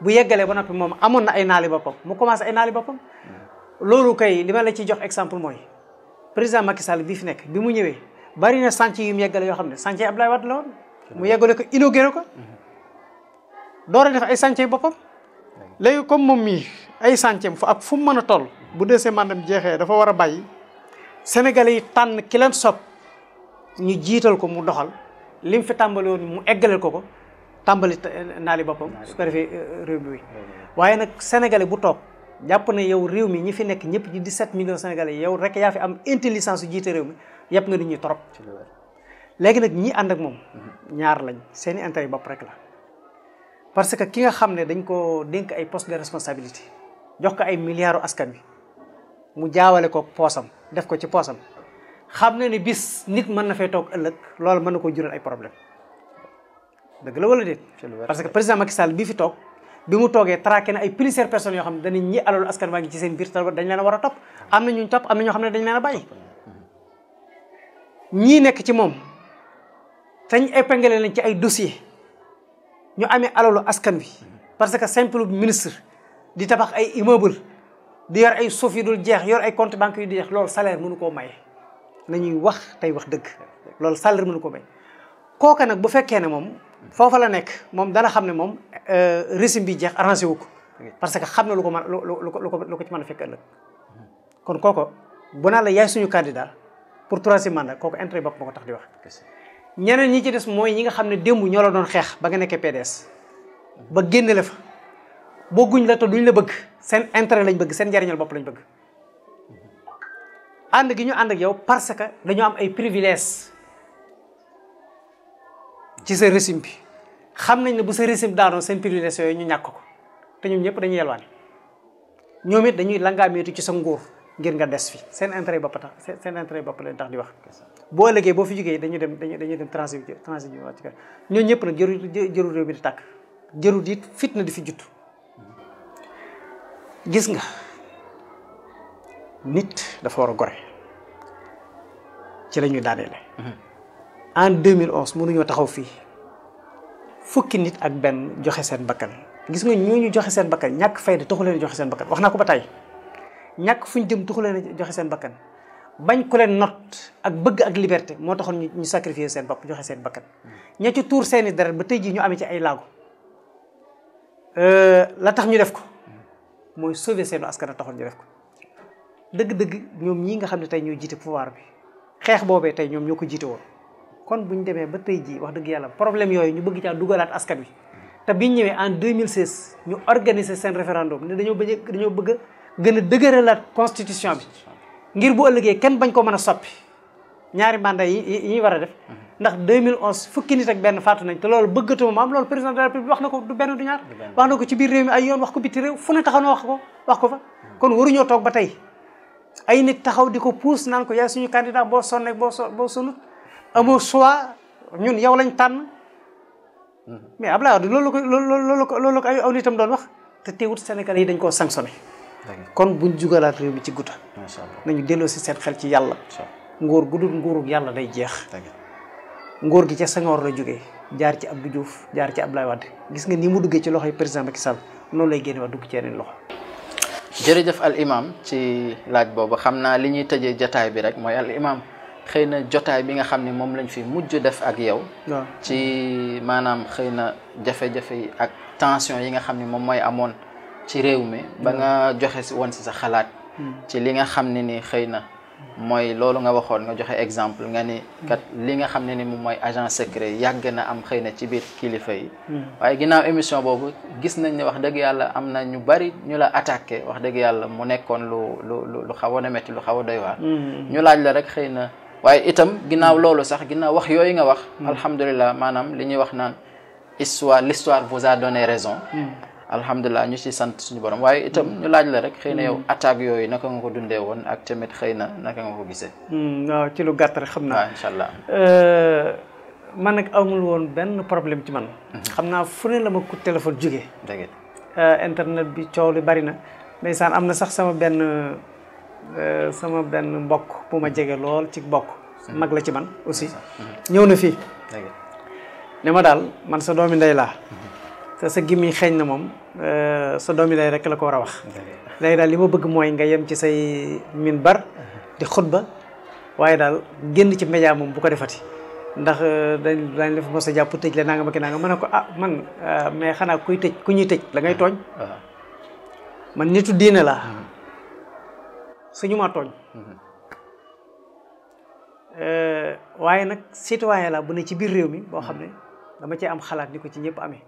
bu yeggalee ba noppi moom amoon na ay naali boppam mu commencé ay naali boppam. Hmm. loolu kay li ma la ciy jox exemple mooy président Macky Sall bii fi nekk bi mu ñëwee bari na sànc yu mu yeggale yoo xam ne sànc Abdoulaye Wade la woon. mu yeggale ko inauguré ko. Hmm. door def ay sànc boppam. Hmm. léegi comme moom mii ay sàncem fu ak fu mu mën a toll bu dee see jeexee dafa war a bàyyi. sénégalais yi tànn ki leen sopp ñu jiital ko mu doxal lim fi tàmbali woon mu eggaleel ko ko tàmbali naali boppam su ko defee euh, réew mi waaye nag sénégalais bu toog jàpp na yow réew mi ñi fi nekk ñëpp di 17 millions sénégalais yow rek yaa fi am intelligence su jiite réew mi yëpp nga nit ñi torop léegi nag ñi ànd ak moom mm-hmm. ñaar lañ seeni intérêt yi bopp rek la parce que ki nga xam ne dañ ko dénk ay post de responsabilité jox ko ay milliards askan bi mu jaawale ko poosam def ko ci poosam xam na ni bis nit mën na fee toog ëllëg loolu mën na koo jural ay problème dëgg la wala déet parce que président Macky Sall bi fi toog bi mu toogee traqué na ay plusieurs personne yoo xam ne danañ ñi alalu askan waa ngi ci seen biir tal a a am na ñu topp am na ñoo xam ne dañ leen a bàyyi ñii nekk ci moom tañ épinglé lañ ci ay dossier ñu amee alalu askan wi parce que simple ministre di tabax ay immeuble di yor ay suuf yu dul jeex yor ay compte banque yu dul jeex loolu salaire mënu koo maye nañuy wax tey wax dëgg loolu salaire mënu ko may kooka nag bu fekkee ne moom foofu la nekk moom dana xam ne moom euh, régime bi jeex arrangé wu ko parce que xam na lu ko mën lu ko lu ko ci man a fekk ëllëg kon kooko bu naa la yaay suñu candidat pour troisième mandat kooku intérêt bopp moo ko tax di wax ñeneen ñi ci des mooy ñi nga xam ne démb ñoo la doon xeex ba nga nekkee PDS ba génne la fa bëgguñ la bëgg seen intérêt lañ bëgg seen njariñal bopp lañ bëgg ànd gi ñu ànd ak yow parce que dañu am ay privilèges ci sa régime bi xam nañ ne bu sa régime daanoo seen privilèges yooyu ñu ñàkk ko te ñoom ñëpp dañuy yelwaane ñoom it dañuy langaameetu ci sa nguur ngir nga des fi seen intérêt bopp tax seen intérêt leen tax di wax boo ëllëgee boo fi jógee dañu dem dañuy dem transit transit bi wàcc kër ñooñu ñëpp nag jëru jëru réew mi di tàkk jëru it fitna di fi jutt gis nga nit dafa war a gore ci la ñuy daaneele mm-hmm. en 2011 mënuñoo taxaw fii fukki nit ak benn joxe seen bakkan gis nga ñu joxe seen bakkan ñàkk fayda taxu leen joxe seen bakkan wax naa ko ba tey ñàkk fu ñu jëm taxu leen joxe seen bakkan bañ ku leen not ak bëgg ak liberté moo taxoon ñu sacrifier seen bopp joxe seen bakkan mm-hmm. ña ci tuur seeni deret ba tey jii ñu amee ci ay laago euh, la tax ñu def ko mooy sauver seenu askan a taxoon ñu def ko dëgg-dëgg ñoom ñii nga xam ne tey ñoo jiite pouvoir bi xeex boobee tey ñoom ñoo ko jiite woon kon bu ñu demee ba tey jii wax dëgg yàlla problème yooyu ñu bëgg caa dugalaat askan wi te biñ ñëwee en 2016 ñu organiser seen référendum ne dañoo bëgg dañoo bëgg a gën a dëgëralaat constitution bi ngir bu ëllëgee kenn bañ ko mën a sappi ñaari mandat yi yi war a def mhm. ndax mille 2011 fukki nit ak benn faatu nañ te lool bëggatuma maam loolu président de la république wax na ko du benn du ñaar wax na ko ci biir réew mi ay yoon wax ko biti réew fu ne ko mhm. waruñoo toog ba tey ay nit taxaw di ko puus naan ko yaay suñu candidat boo sonne boo so boo sonut amoo choix ñun yow lañ tànn mhm. mais Abdoulaye Wade loolu ko loolu ko loolu ko ay aw nitam doon wax te teewut Sénégalais yi dañ koo sanctionné kon buñ jugalaat réew mi ci gudda nañu delloo si seen xel ci yàlla nguur gu dul nguurug yàlla day jeex nguur gi ca Senghor la jógee jaar ci ab Abdou Diouf jaar ci ab Abdoulaye Wade gis nga ni mu duggee ci loxoy président Macky Sall noonu lay génne waa dugg ci loxo jërëjëf al imam ci laaj boobu xam naa li ñuy tëjee jotaay bi rek mooy al imam xëy na jotaay bi nga xam ne moom lañ fi mujj def ak yow ci maanaam xëy na jafe-jafe yi ak tension yi nga xam ne moom mooy amoon ci réew mi ba nga joxe si woon si sa xalaat hmm. ci li nga xam ne ni xëy na mooy loolu nga waxoon nga joxe exemple nga ni kat li nga xam ne ni moom mooy agent secret yàgg na am xëy na ci biir kilifa yi. Hmm. waaye ginaaw émission boobu gis nañ ne wax dëgg yàlla am na ñu bari ñu la attaqué wax dëgg yàlla mu nekkoon lu lu lu xaw a metti lu xaw a doy waar. Hmm. ñu laaj la rek xëy na waaye itam ginnaaw loolu sax ginnaaw wax yooyu nga wax. Hmm. alhamdulilah maanaam li ñuy wax naan histoire l'histoire vous a donné raison. alhamdulilah ñu si sant suñu borom waaye itam ñu laaj la rek xëy na yow mm. attaque yooyu naka nga ko dundee woon ak tamit xëy na naka nga ko gisee. Mm, waaw ci lu gàtt rek xam naa. waaw incha allah. Euh, man nag amul woon benn problème ci man. Mm-hmm. xam naa fu ne la ma ku téléphone jógee. dëgg euh, internet bi coow li bari na. ndeysaan am na sax sama benn euh, sama benn mbokk bu ma jege lool ci mbokk. Mm-hmm. mag la ci man aussi. Mm-hmm. ñëw na fii. ne ma daal man sa doomi ndey laa. te sa gimmiñ xeeñ na moom euh, sa doomi day rek la ko war a wax léegi daal li ma bëgg mooy nga yem ci say min bar di xutba waaye daal génn ci média moom bu ko defati ndax euh, dañ dañ def mos a jàpp la nanga ma ki nanga a ko ah, euh, mais xanaa kuy tëj ku ñuy tëj la ngay tooñ man nitu diine la suñu ma tooñ waaye nag citoyen la bu ne ci biir réew mi boo xam ne dama ci am xalaat ni ko ci ñëpp amee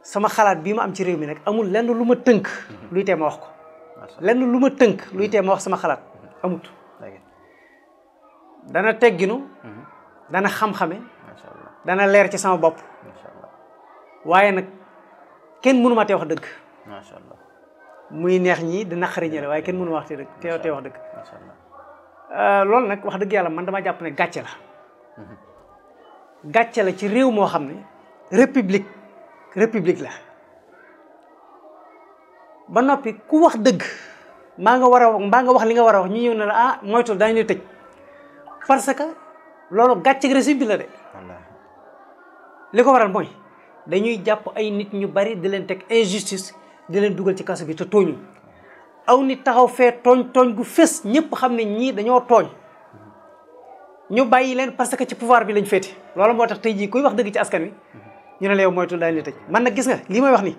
sama xalaat bii ma am ci réew mi nag amul lenn lu ma tënk luy tee ma wax ko lenn lu ma tënk luy tee ma wax sama xalaat amut dana tegginu mhm. dana xam-xame dana leer ci sama bopp waaye nag kenn mënuma ma tee wax dëgg muy neex ñi dina xariñale waaye kenn mënu wax te dëgg te tee wax dëgg euh, loolu nag wax dëgg yàlla man dama jàpp ne gàcce la mhm. gàcce la ci réew moo xam ne république république la ba noppi ku wax dëgg maa nga war a maa nga wax li nga war a wax ñu ñëw ne la ah moytul daañu tëj parce que loolu gàcceeg régime bi la de. li ko waral mooy dañuy jàpp ay nit ñu bari di leen teg injustice di leen dugal ci kaso bi te tooñu aw nit taxaw fee tooñ tooñ gu fés ñëpp xam ne ñii dañoo tooñ. ñu bàyyi leen parce que ci pouvoir bi lañ féete loolu moo tax tey jii koy wax dëgg ci askan wi. ñu ne la yow moytu daañu la tëj man na gis nga lii may wax ni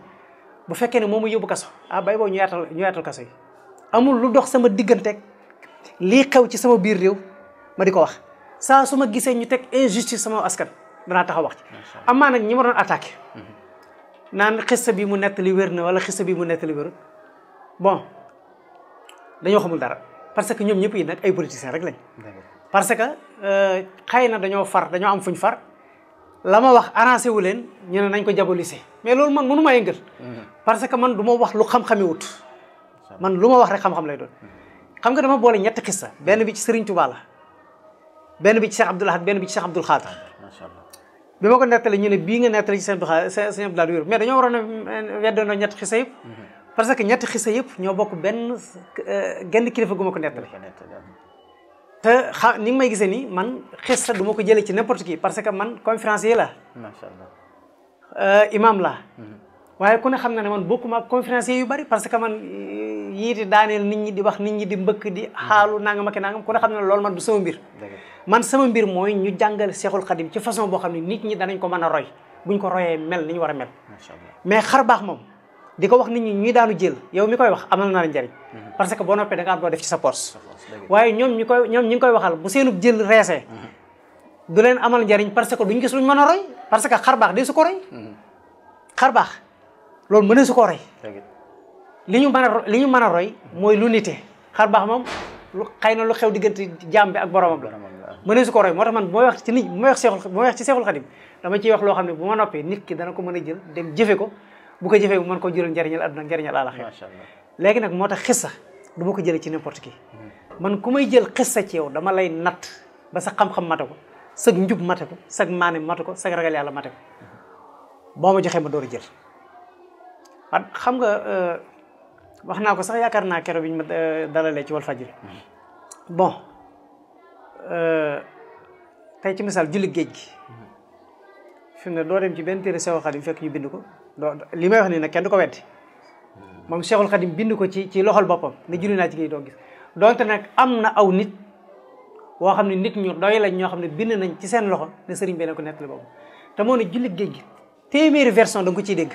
bu fekkee ne moomu yóbbu kaso ah bay boo ñu yaatal amul lu dox sama digganteeg lii xew ci sama biir réew ma di ko wax saa su ma gisee ñu teg injustice sama askan danaa taxaw wax ci amaa nag ñi ma doon attaqué mhm. naan xista bi mu nett li wér na wala xista bi mu nett li wérul bon dañoo xamul dara parce que ñoom ñëpp yi nag ay politiciens rek lañ parce que euh, xëy na dañoo far dañoo am fuñ far la ma wax arrangé wu leen ñu ne nañ ko diaboliser mais loolu man mënu maa yëngal mhm. parce que man du ma wax lu xam-xami wut man lu ma wax rek xam-xam lay doon mhm. xam nga dama boole ñetti xissa benn bi ci Serigne Touba la benn bi ci Cheikh Abdoul Ahad benn bi ci Cheikh Abdoul Khadir bi ma ko nettali ñu ne bii nga nettali ci seen seen Abdoul mais dañoo waroon a eh, weddoonoo ñett xissa yëpp mhm. parce que ñetti xissa yëpp ñoo bokk benn eh, genn kilifa gu ma ko nettali te xa ni nga may gisee nii man xissa du ma ko jëlee ci n'importe qui parce que man conférencier la. macha allah euh, imam la. Mhm. waaye ku ne xam na ne man bokkuma ak conférencier yu bari parce que man yii di daaneel nit ñi di wax nit ñi di mbëkk di mhm. xaalu nangam ak nangam ku ne xam ne loolu man du sama mbir. man sama mbir mooy ñu jàngal Seexul Xadim ci façon boo xam ne nit ñi danañ ko mën a roy buñ ko royee mel ni ñu war a mel. mais xar baax moom. di ko wax nit ñi ñuy daanu jël yow mi koy wax amal na la njariñ mhm. parce que boo noppee da nga am doo def ci sa pos waaye ñoom ñi koy ñoom ñi ngi koy waxal bu seenub jël reesee mhm. du leen amal njariñ parce que duñ gis luñ mën a roy parce que xar baax ko roy mhm. xar baax loolu mënee su ko roy li ñu mën a li ñu mën a roy mooy lu nite xar baax moom lu xay na lu xew diggante jaam bi ak boromam la mënee su ko roy moo man bu may wax ci nit bu may wax dama ciy wax loo xam ne bu ma noppee nit ki dana ko mën a jël dem jëfe ko bu ko jëfee bu mën koo jural njariñal àdduna njariñal àlaxira léegi nag moo tax xissa du ma ko jëlee ci n'importe ki man ku may jël xissa ci yow dama lay natt ba sa xam-xam mate ko njub mate ko sag maane mate ko sag ragal yàlla mate boo ma joxee ma door a jël xam nga euh, wax naa ko sax yaakaar naa kero biñ ma euh, dalalee ci wal fajiri bon euh, tey ci misaal julli géej gi fi mu ne doo dem ci benn téere sew xadim fekk ñu bind ko li may wax nii nag kenn du ko weddi moom Cheikhul Khadim bind ko ci ci loxol boppam ne julli naa ci ngay doo gis donte nag am na aw nit woo xam ne nit ñu doy ñoo xam ne bind nañ ci seen loxo ne sëriñ bi ne ko boobu te moo ne julli géej gi téeméeri version da nga ciy dégg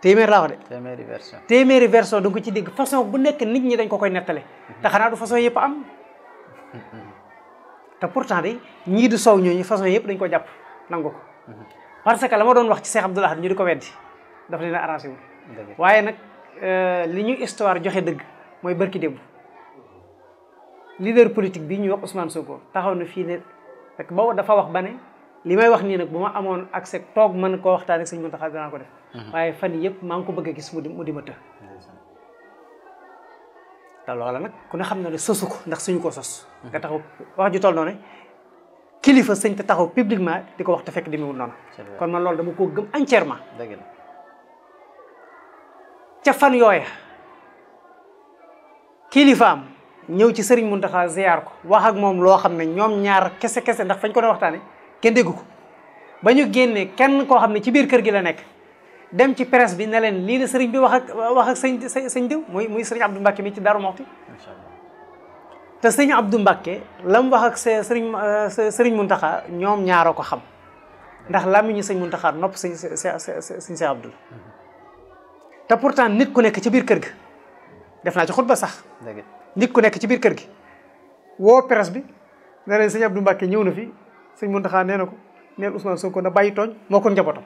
téeméer laa wax version téeméeri version da nga ko dégg façon bu nekk nit ñi dañ ko koy nettale te xanaa du façon yëpp am te pourtant de ñii du sow ñooñu façon yëpp dañ ko jàpp nangu ko mhm. parce que la ma doon wax ci Cheikh Abdoul Ahad ñu di ko weddi dafa leen arrangé wu waaye nag euh, li ñu histoire joxe dëgg mooy barki démb leader politique bi ñuy wax Ousmane Sonko taxaw na fii ne rek ba dafa wax ba ne li may wax nii nag bu ma amoon accès toog mën koo waxtaan ak sëñ Mountakha dinaa ko def mhm. waaye fan yëpp maa ngi ko bëgg a gis mu di mu di ma loola nag ku ne xam na ne sosu ko ndax suñu ko sos mhm. nga taxaw wax ju toll noonu kilifa sëñ te taxaw publiquement di ko wax te fekk demewul noonu kon man loolu dama koo gëm entièrement dëgg la ca fan yooya kilifaam ñëw ci sëriñ Muntaxa ziyaar ko wax ak moom loo xam ne ñoom ñaar kese kese ndax fañ ko doon waxtaane kenn déggu ko ba ñu génnee kenn koo xam ne ci biir kër gi la nekk dem ci presse bi ne leen lii la sëriñ bi wax ak wax ak sëñ sëñ diw muy muy sëriñ Abdou Mbacke mi ci dara Mokhti te sëñ Abdou Mbacke la mu wax ak sa sëriñ sëriñ Muntaxa ñoom ñaaroo ko xam ndax làmmiñu sëñ Muntaxa nopp sëñ sëñ Abdou te pourtant nit ku nekk ci biir kër gi def naa ci xutba sax. nit ku nekk ci biir kër gi. woo presse bi ne leen sëñ Abdou Mbacke ñëw na fi sëñ Mountakha nee na ko neen Ousmane Sonko na bayi tooñ moo ko njabootam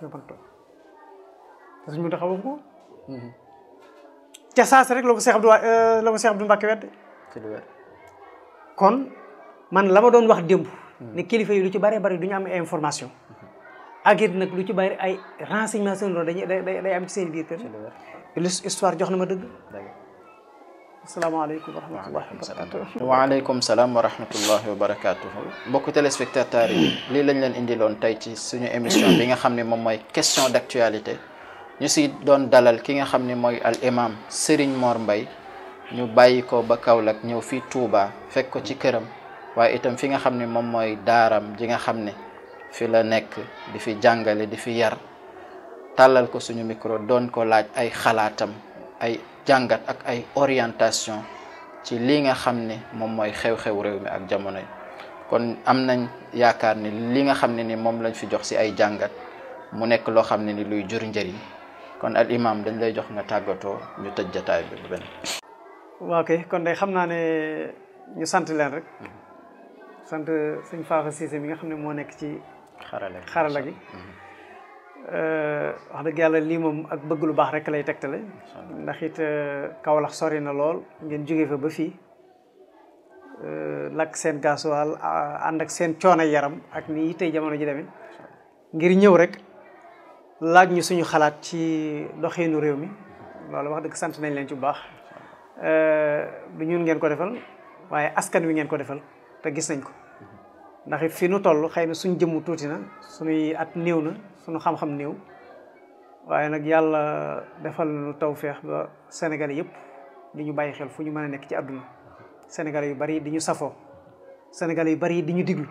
nga mën tooñ te sëñ Mountakha mhm. rek la ko Cheikh Abdou euh, la ko kon man lama doon wax démb. Mhm. ne kilifa yi lu ci bare bari du ñu am information. agir nag lu ci bari ay renseignement seen loolu dañuy day am ci seen biir kër. l'histoire jox na ma dëgg. asalaamaaleykum wa rahmatulah. waaleykum salaam wa rahmatullahi wa barakaatu. mbokk téléspectateurs yi lii lañ leen indiloon tey ci suñu émission bi nga xam ne moom mooy question d'actualité ñu si doon dalal ki nga xam ne mooy al imam Serigne Mor mbay ñu bàyyi ko ba Kaolack ñëw fii Touba fekk ko ci këram waaye itam fi nga xam ne moom mooy daaram ji nga xam ne. fi la nekk di fi jàngale di fi yar tàllal ko suñu micro doon ko laaj ay xalaatam ay jàngat ak ay orientation ci lii nga xam ne moom mooy xew-xew réew mi ak jamono kon am nañ yaakaar ni lii nga xam ne ni moom lañ fi jox si ay jàngat mu nekk loo xam ne ni luy jur njëriñ kon al imam dañ lay jox nga tàggatoo ñu tëj jataay bi bu benn kon day xam naa ne ñu sant leen rek mm-hmm. sant sëñ Faaxa Siise mi nga xam ne moo nekk ci xarala gi mm-hmm. wax dëgg yàlla lii moom ak bëgg lu baax rek lay tegtale ndax it euh, Kaolack sori na lool ngeen jóge fa ba fii euh, lakk seen gasoil ànd ak seen coono yaram ak ni tey jamono ji deme ngir ñëw rek laaj ñu suñu xalaat ci doxiinu réew mi loolu wax dëgg sant nañ leen ci bu baax euh, du ñun ngeen ko defal waaye askan wi ngeen ko defal te gis nañ ko ndax it fii nu toll xëy na suñ jëmm tuuti na suñuy at néew na suñu xam-xam néew waaye nag yàlla defal nu feex ba sénégalais yëpp di ñu bàyyi xel fu ñu mën nekk ci àdduna sénégalais yu bari di ñu safoo sénégalais yu bari di ñu diglu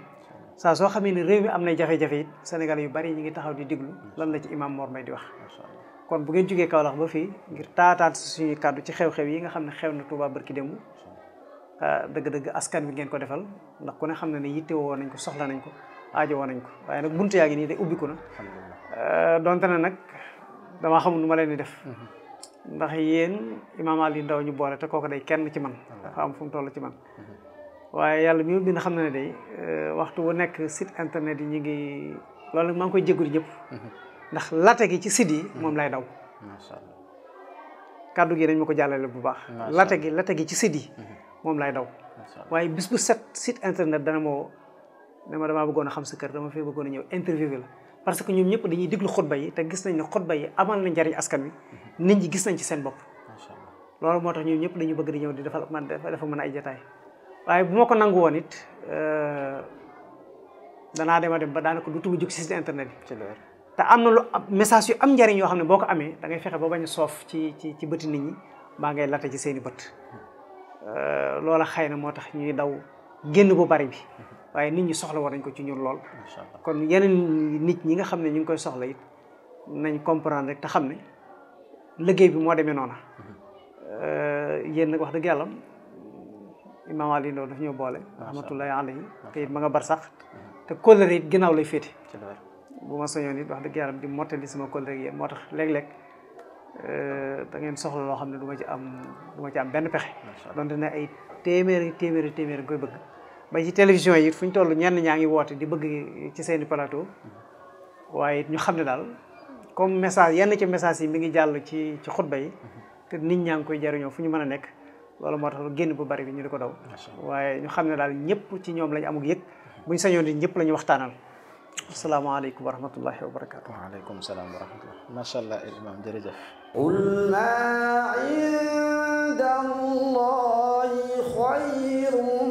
saa soo xamee ne réew mi am na jafe-jafe it sénégalais yu bari ñu ngi taxaw di diglu lan la ci imam Mor Mbaye di wax kon bu ngeen jógee kawlax ba fii ngir taataat suñuy kàddu ci xew-xew yi nga xam ne xew na Touba barki démb dëgg-dëgg askan wi ngeen ko defal ndax ku ne xam na ni yitte woo nañ ko soxla nañ ko aajo woo nañ ko waaye nag buntu yaa ngi nii day ubbiku na eh, donte na nag dama xamul nu ma leen di def mhm. ndax yéen imaam Ali Ndaw ñu boole te kooku day kenn ci man dafa am fu mu toll ci man mhm. waaye yàlla mi bind xam na ne day eh, waxtu wu nekk sit internet yi ñu ngi loolu nag maa ngi koy jégalu ñëpp mhm. ndax latte gi ci site yi moom lay daw kàddu gi dañ ma ko jàllale bu baax latte gi latte ci site yi moom laay daw waaye bis bu set site internet dana moo dama damaa bëggoon a xam sa kër dama fee bëggoon a ñëw interview la parce que ñoom ñëpp dañuy déglu xutba yi te gis nañ ni xutba yi amal na njariñ askan wi mhm. nit ñi gis nañ ci seen bopp loolu moo tax ñoom ñëpp dañu bëgg di ñëw di defal man dafa mën ay jataay waaye bu ma ko nangu woon it euh, danaa dema dem ba daanaka du tugu jóg ci site internet yi te am na lu message yu am njariñ yoo xam ne boo ko amee da ngay fexe ba bañ a soof ci ci ci bëti nit ñi baa ngay latte ci seen i bët mhm. Euh, loola xëy na moo tax ñuy daw génn bu bari bi waaye nit ñi soxla woo nañ ko ci ñun lool kon yeneen nit ñi nga xam ne ñu ngi koy soxla it nañ comprendre rek te xam ne liggéey bi moo demee noona euh, yéen nag wax dëgg yàlla imaam Ali loolu daf ñoo boole rahmatullahi alayhi te it ma nga bar sax te kóllëre it ginnaaw lay féete bu ma soñoon it wax dëgg yàlla di mottali sama kóllëre yéen moo tax léeg-léeg Euh, da ngeen soxla loo xam ne du ci am du ci am benn pexe donte ne ay téeméeri téeméeri téeméeri koy bëgg ba ci télévision yi fu ñu toll ñenn ñaa ngi woote di bëgg ci seeni palaato mhm. waaye it ñu xam ne daal comme message yenn ci message yi mi ngi jàll ci ci xutba yi mhm. te nit ñaa ngi koy jariñoo fu ñu mën a nekk loolu moo tax génn bu bari bi ñu di ko daw waaye ñu xam ne daal ñëpp ci ñoom lañ amuk yëg mhm. buñ sañoon di ñëpp la ñu waxtaanal asalaamaaleykum wa rahmatullahi wa barakaatu. waaleykum salaam wa rahmatullah. macha allah imaam jërëjëf. qul maa inda allahi xayrun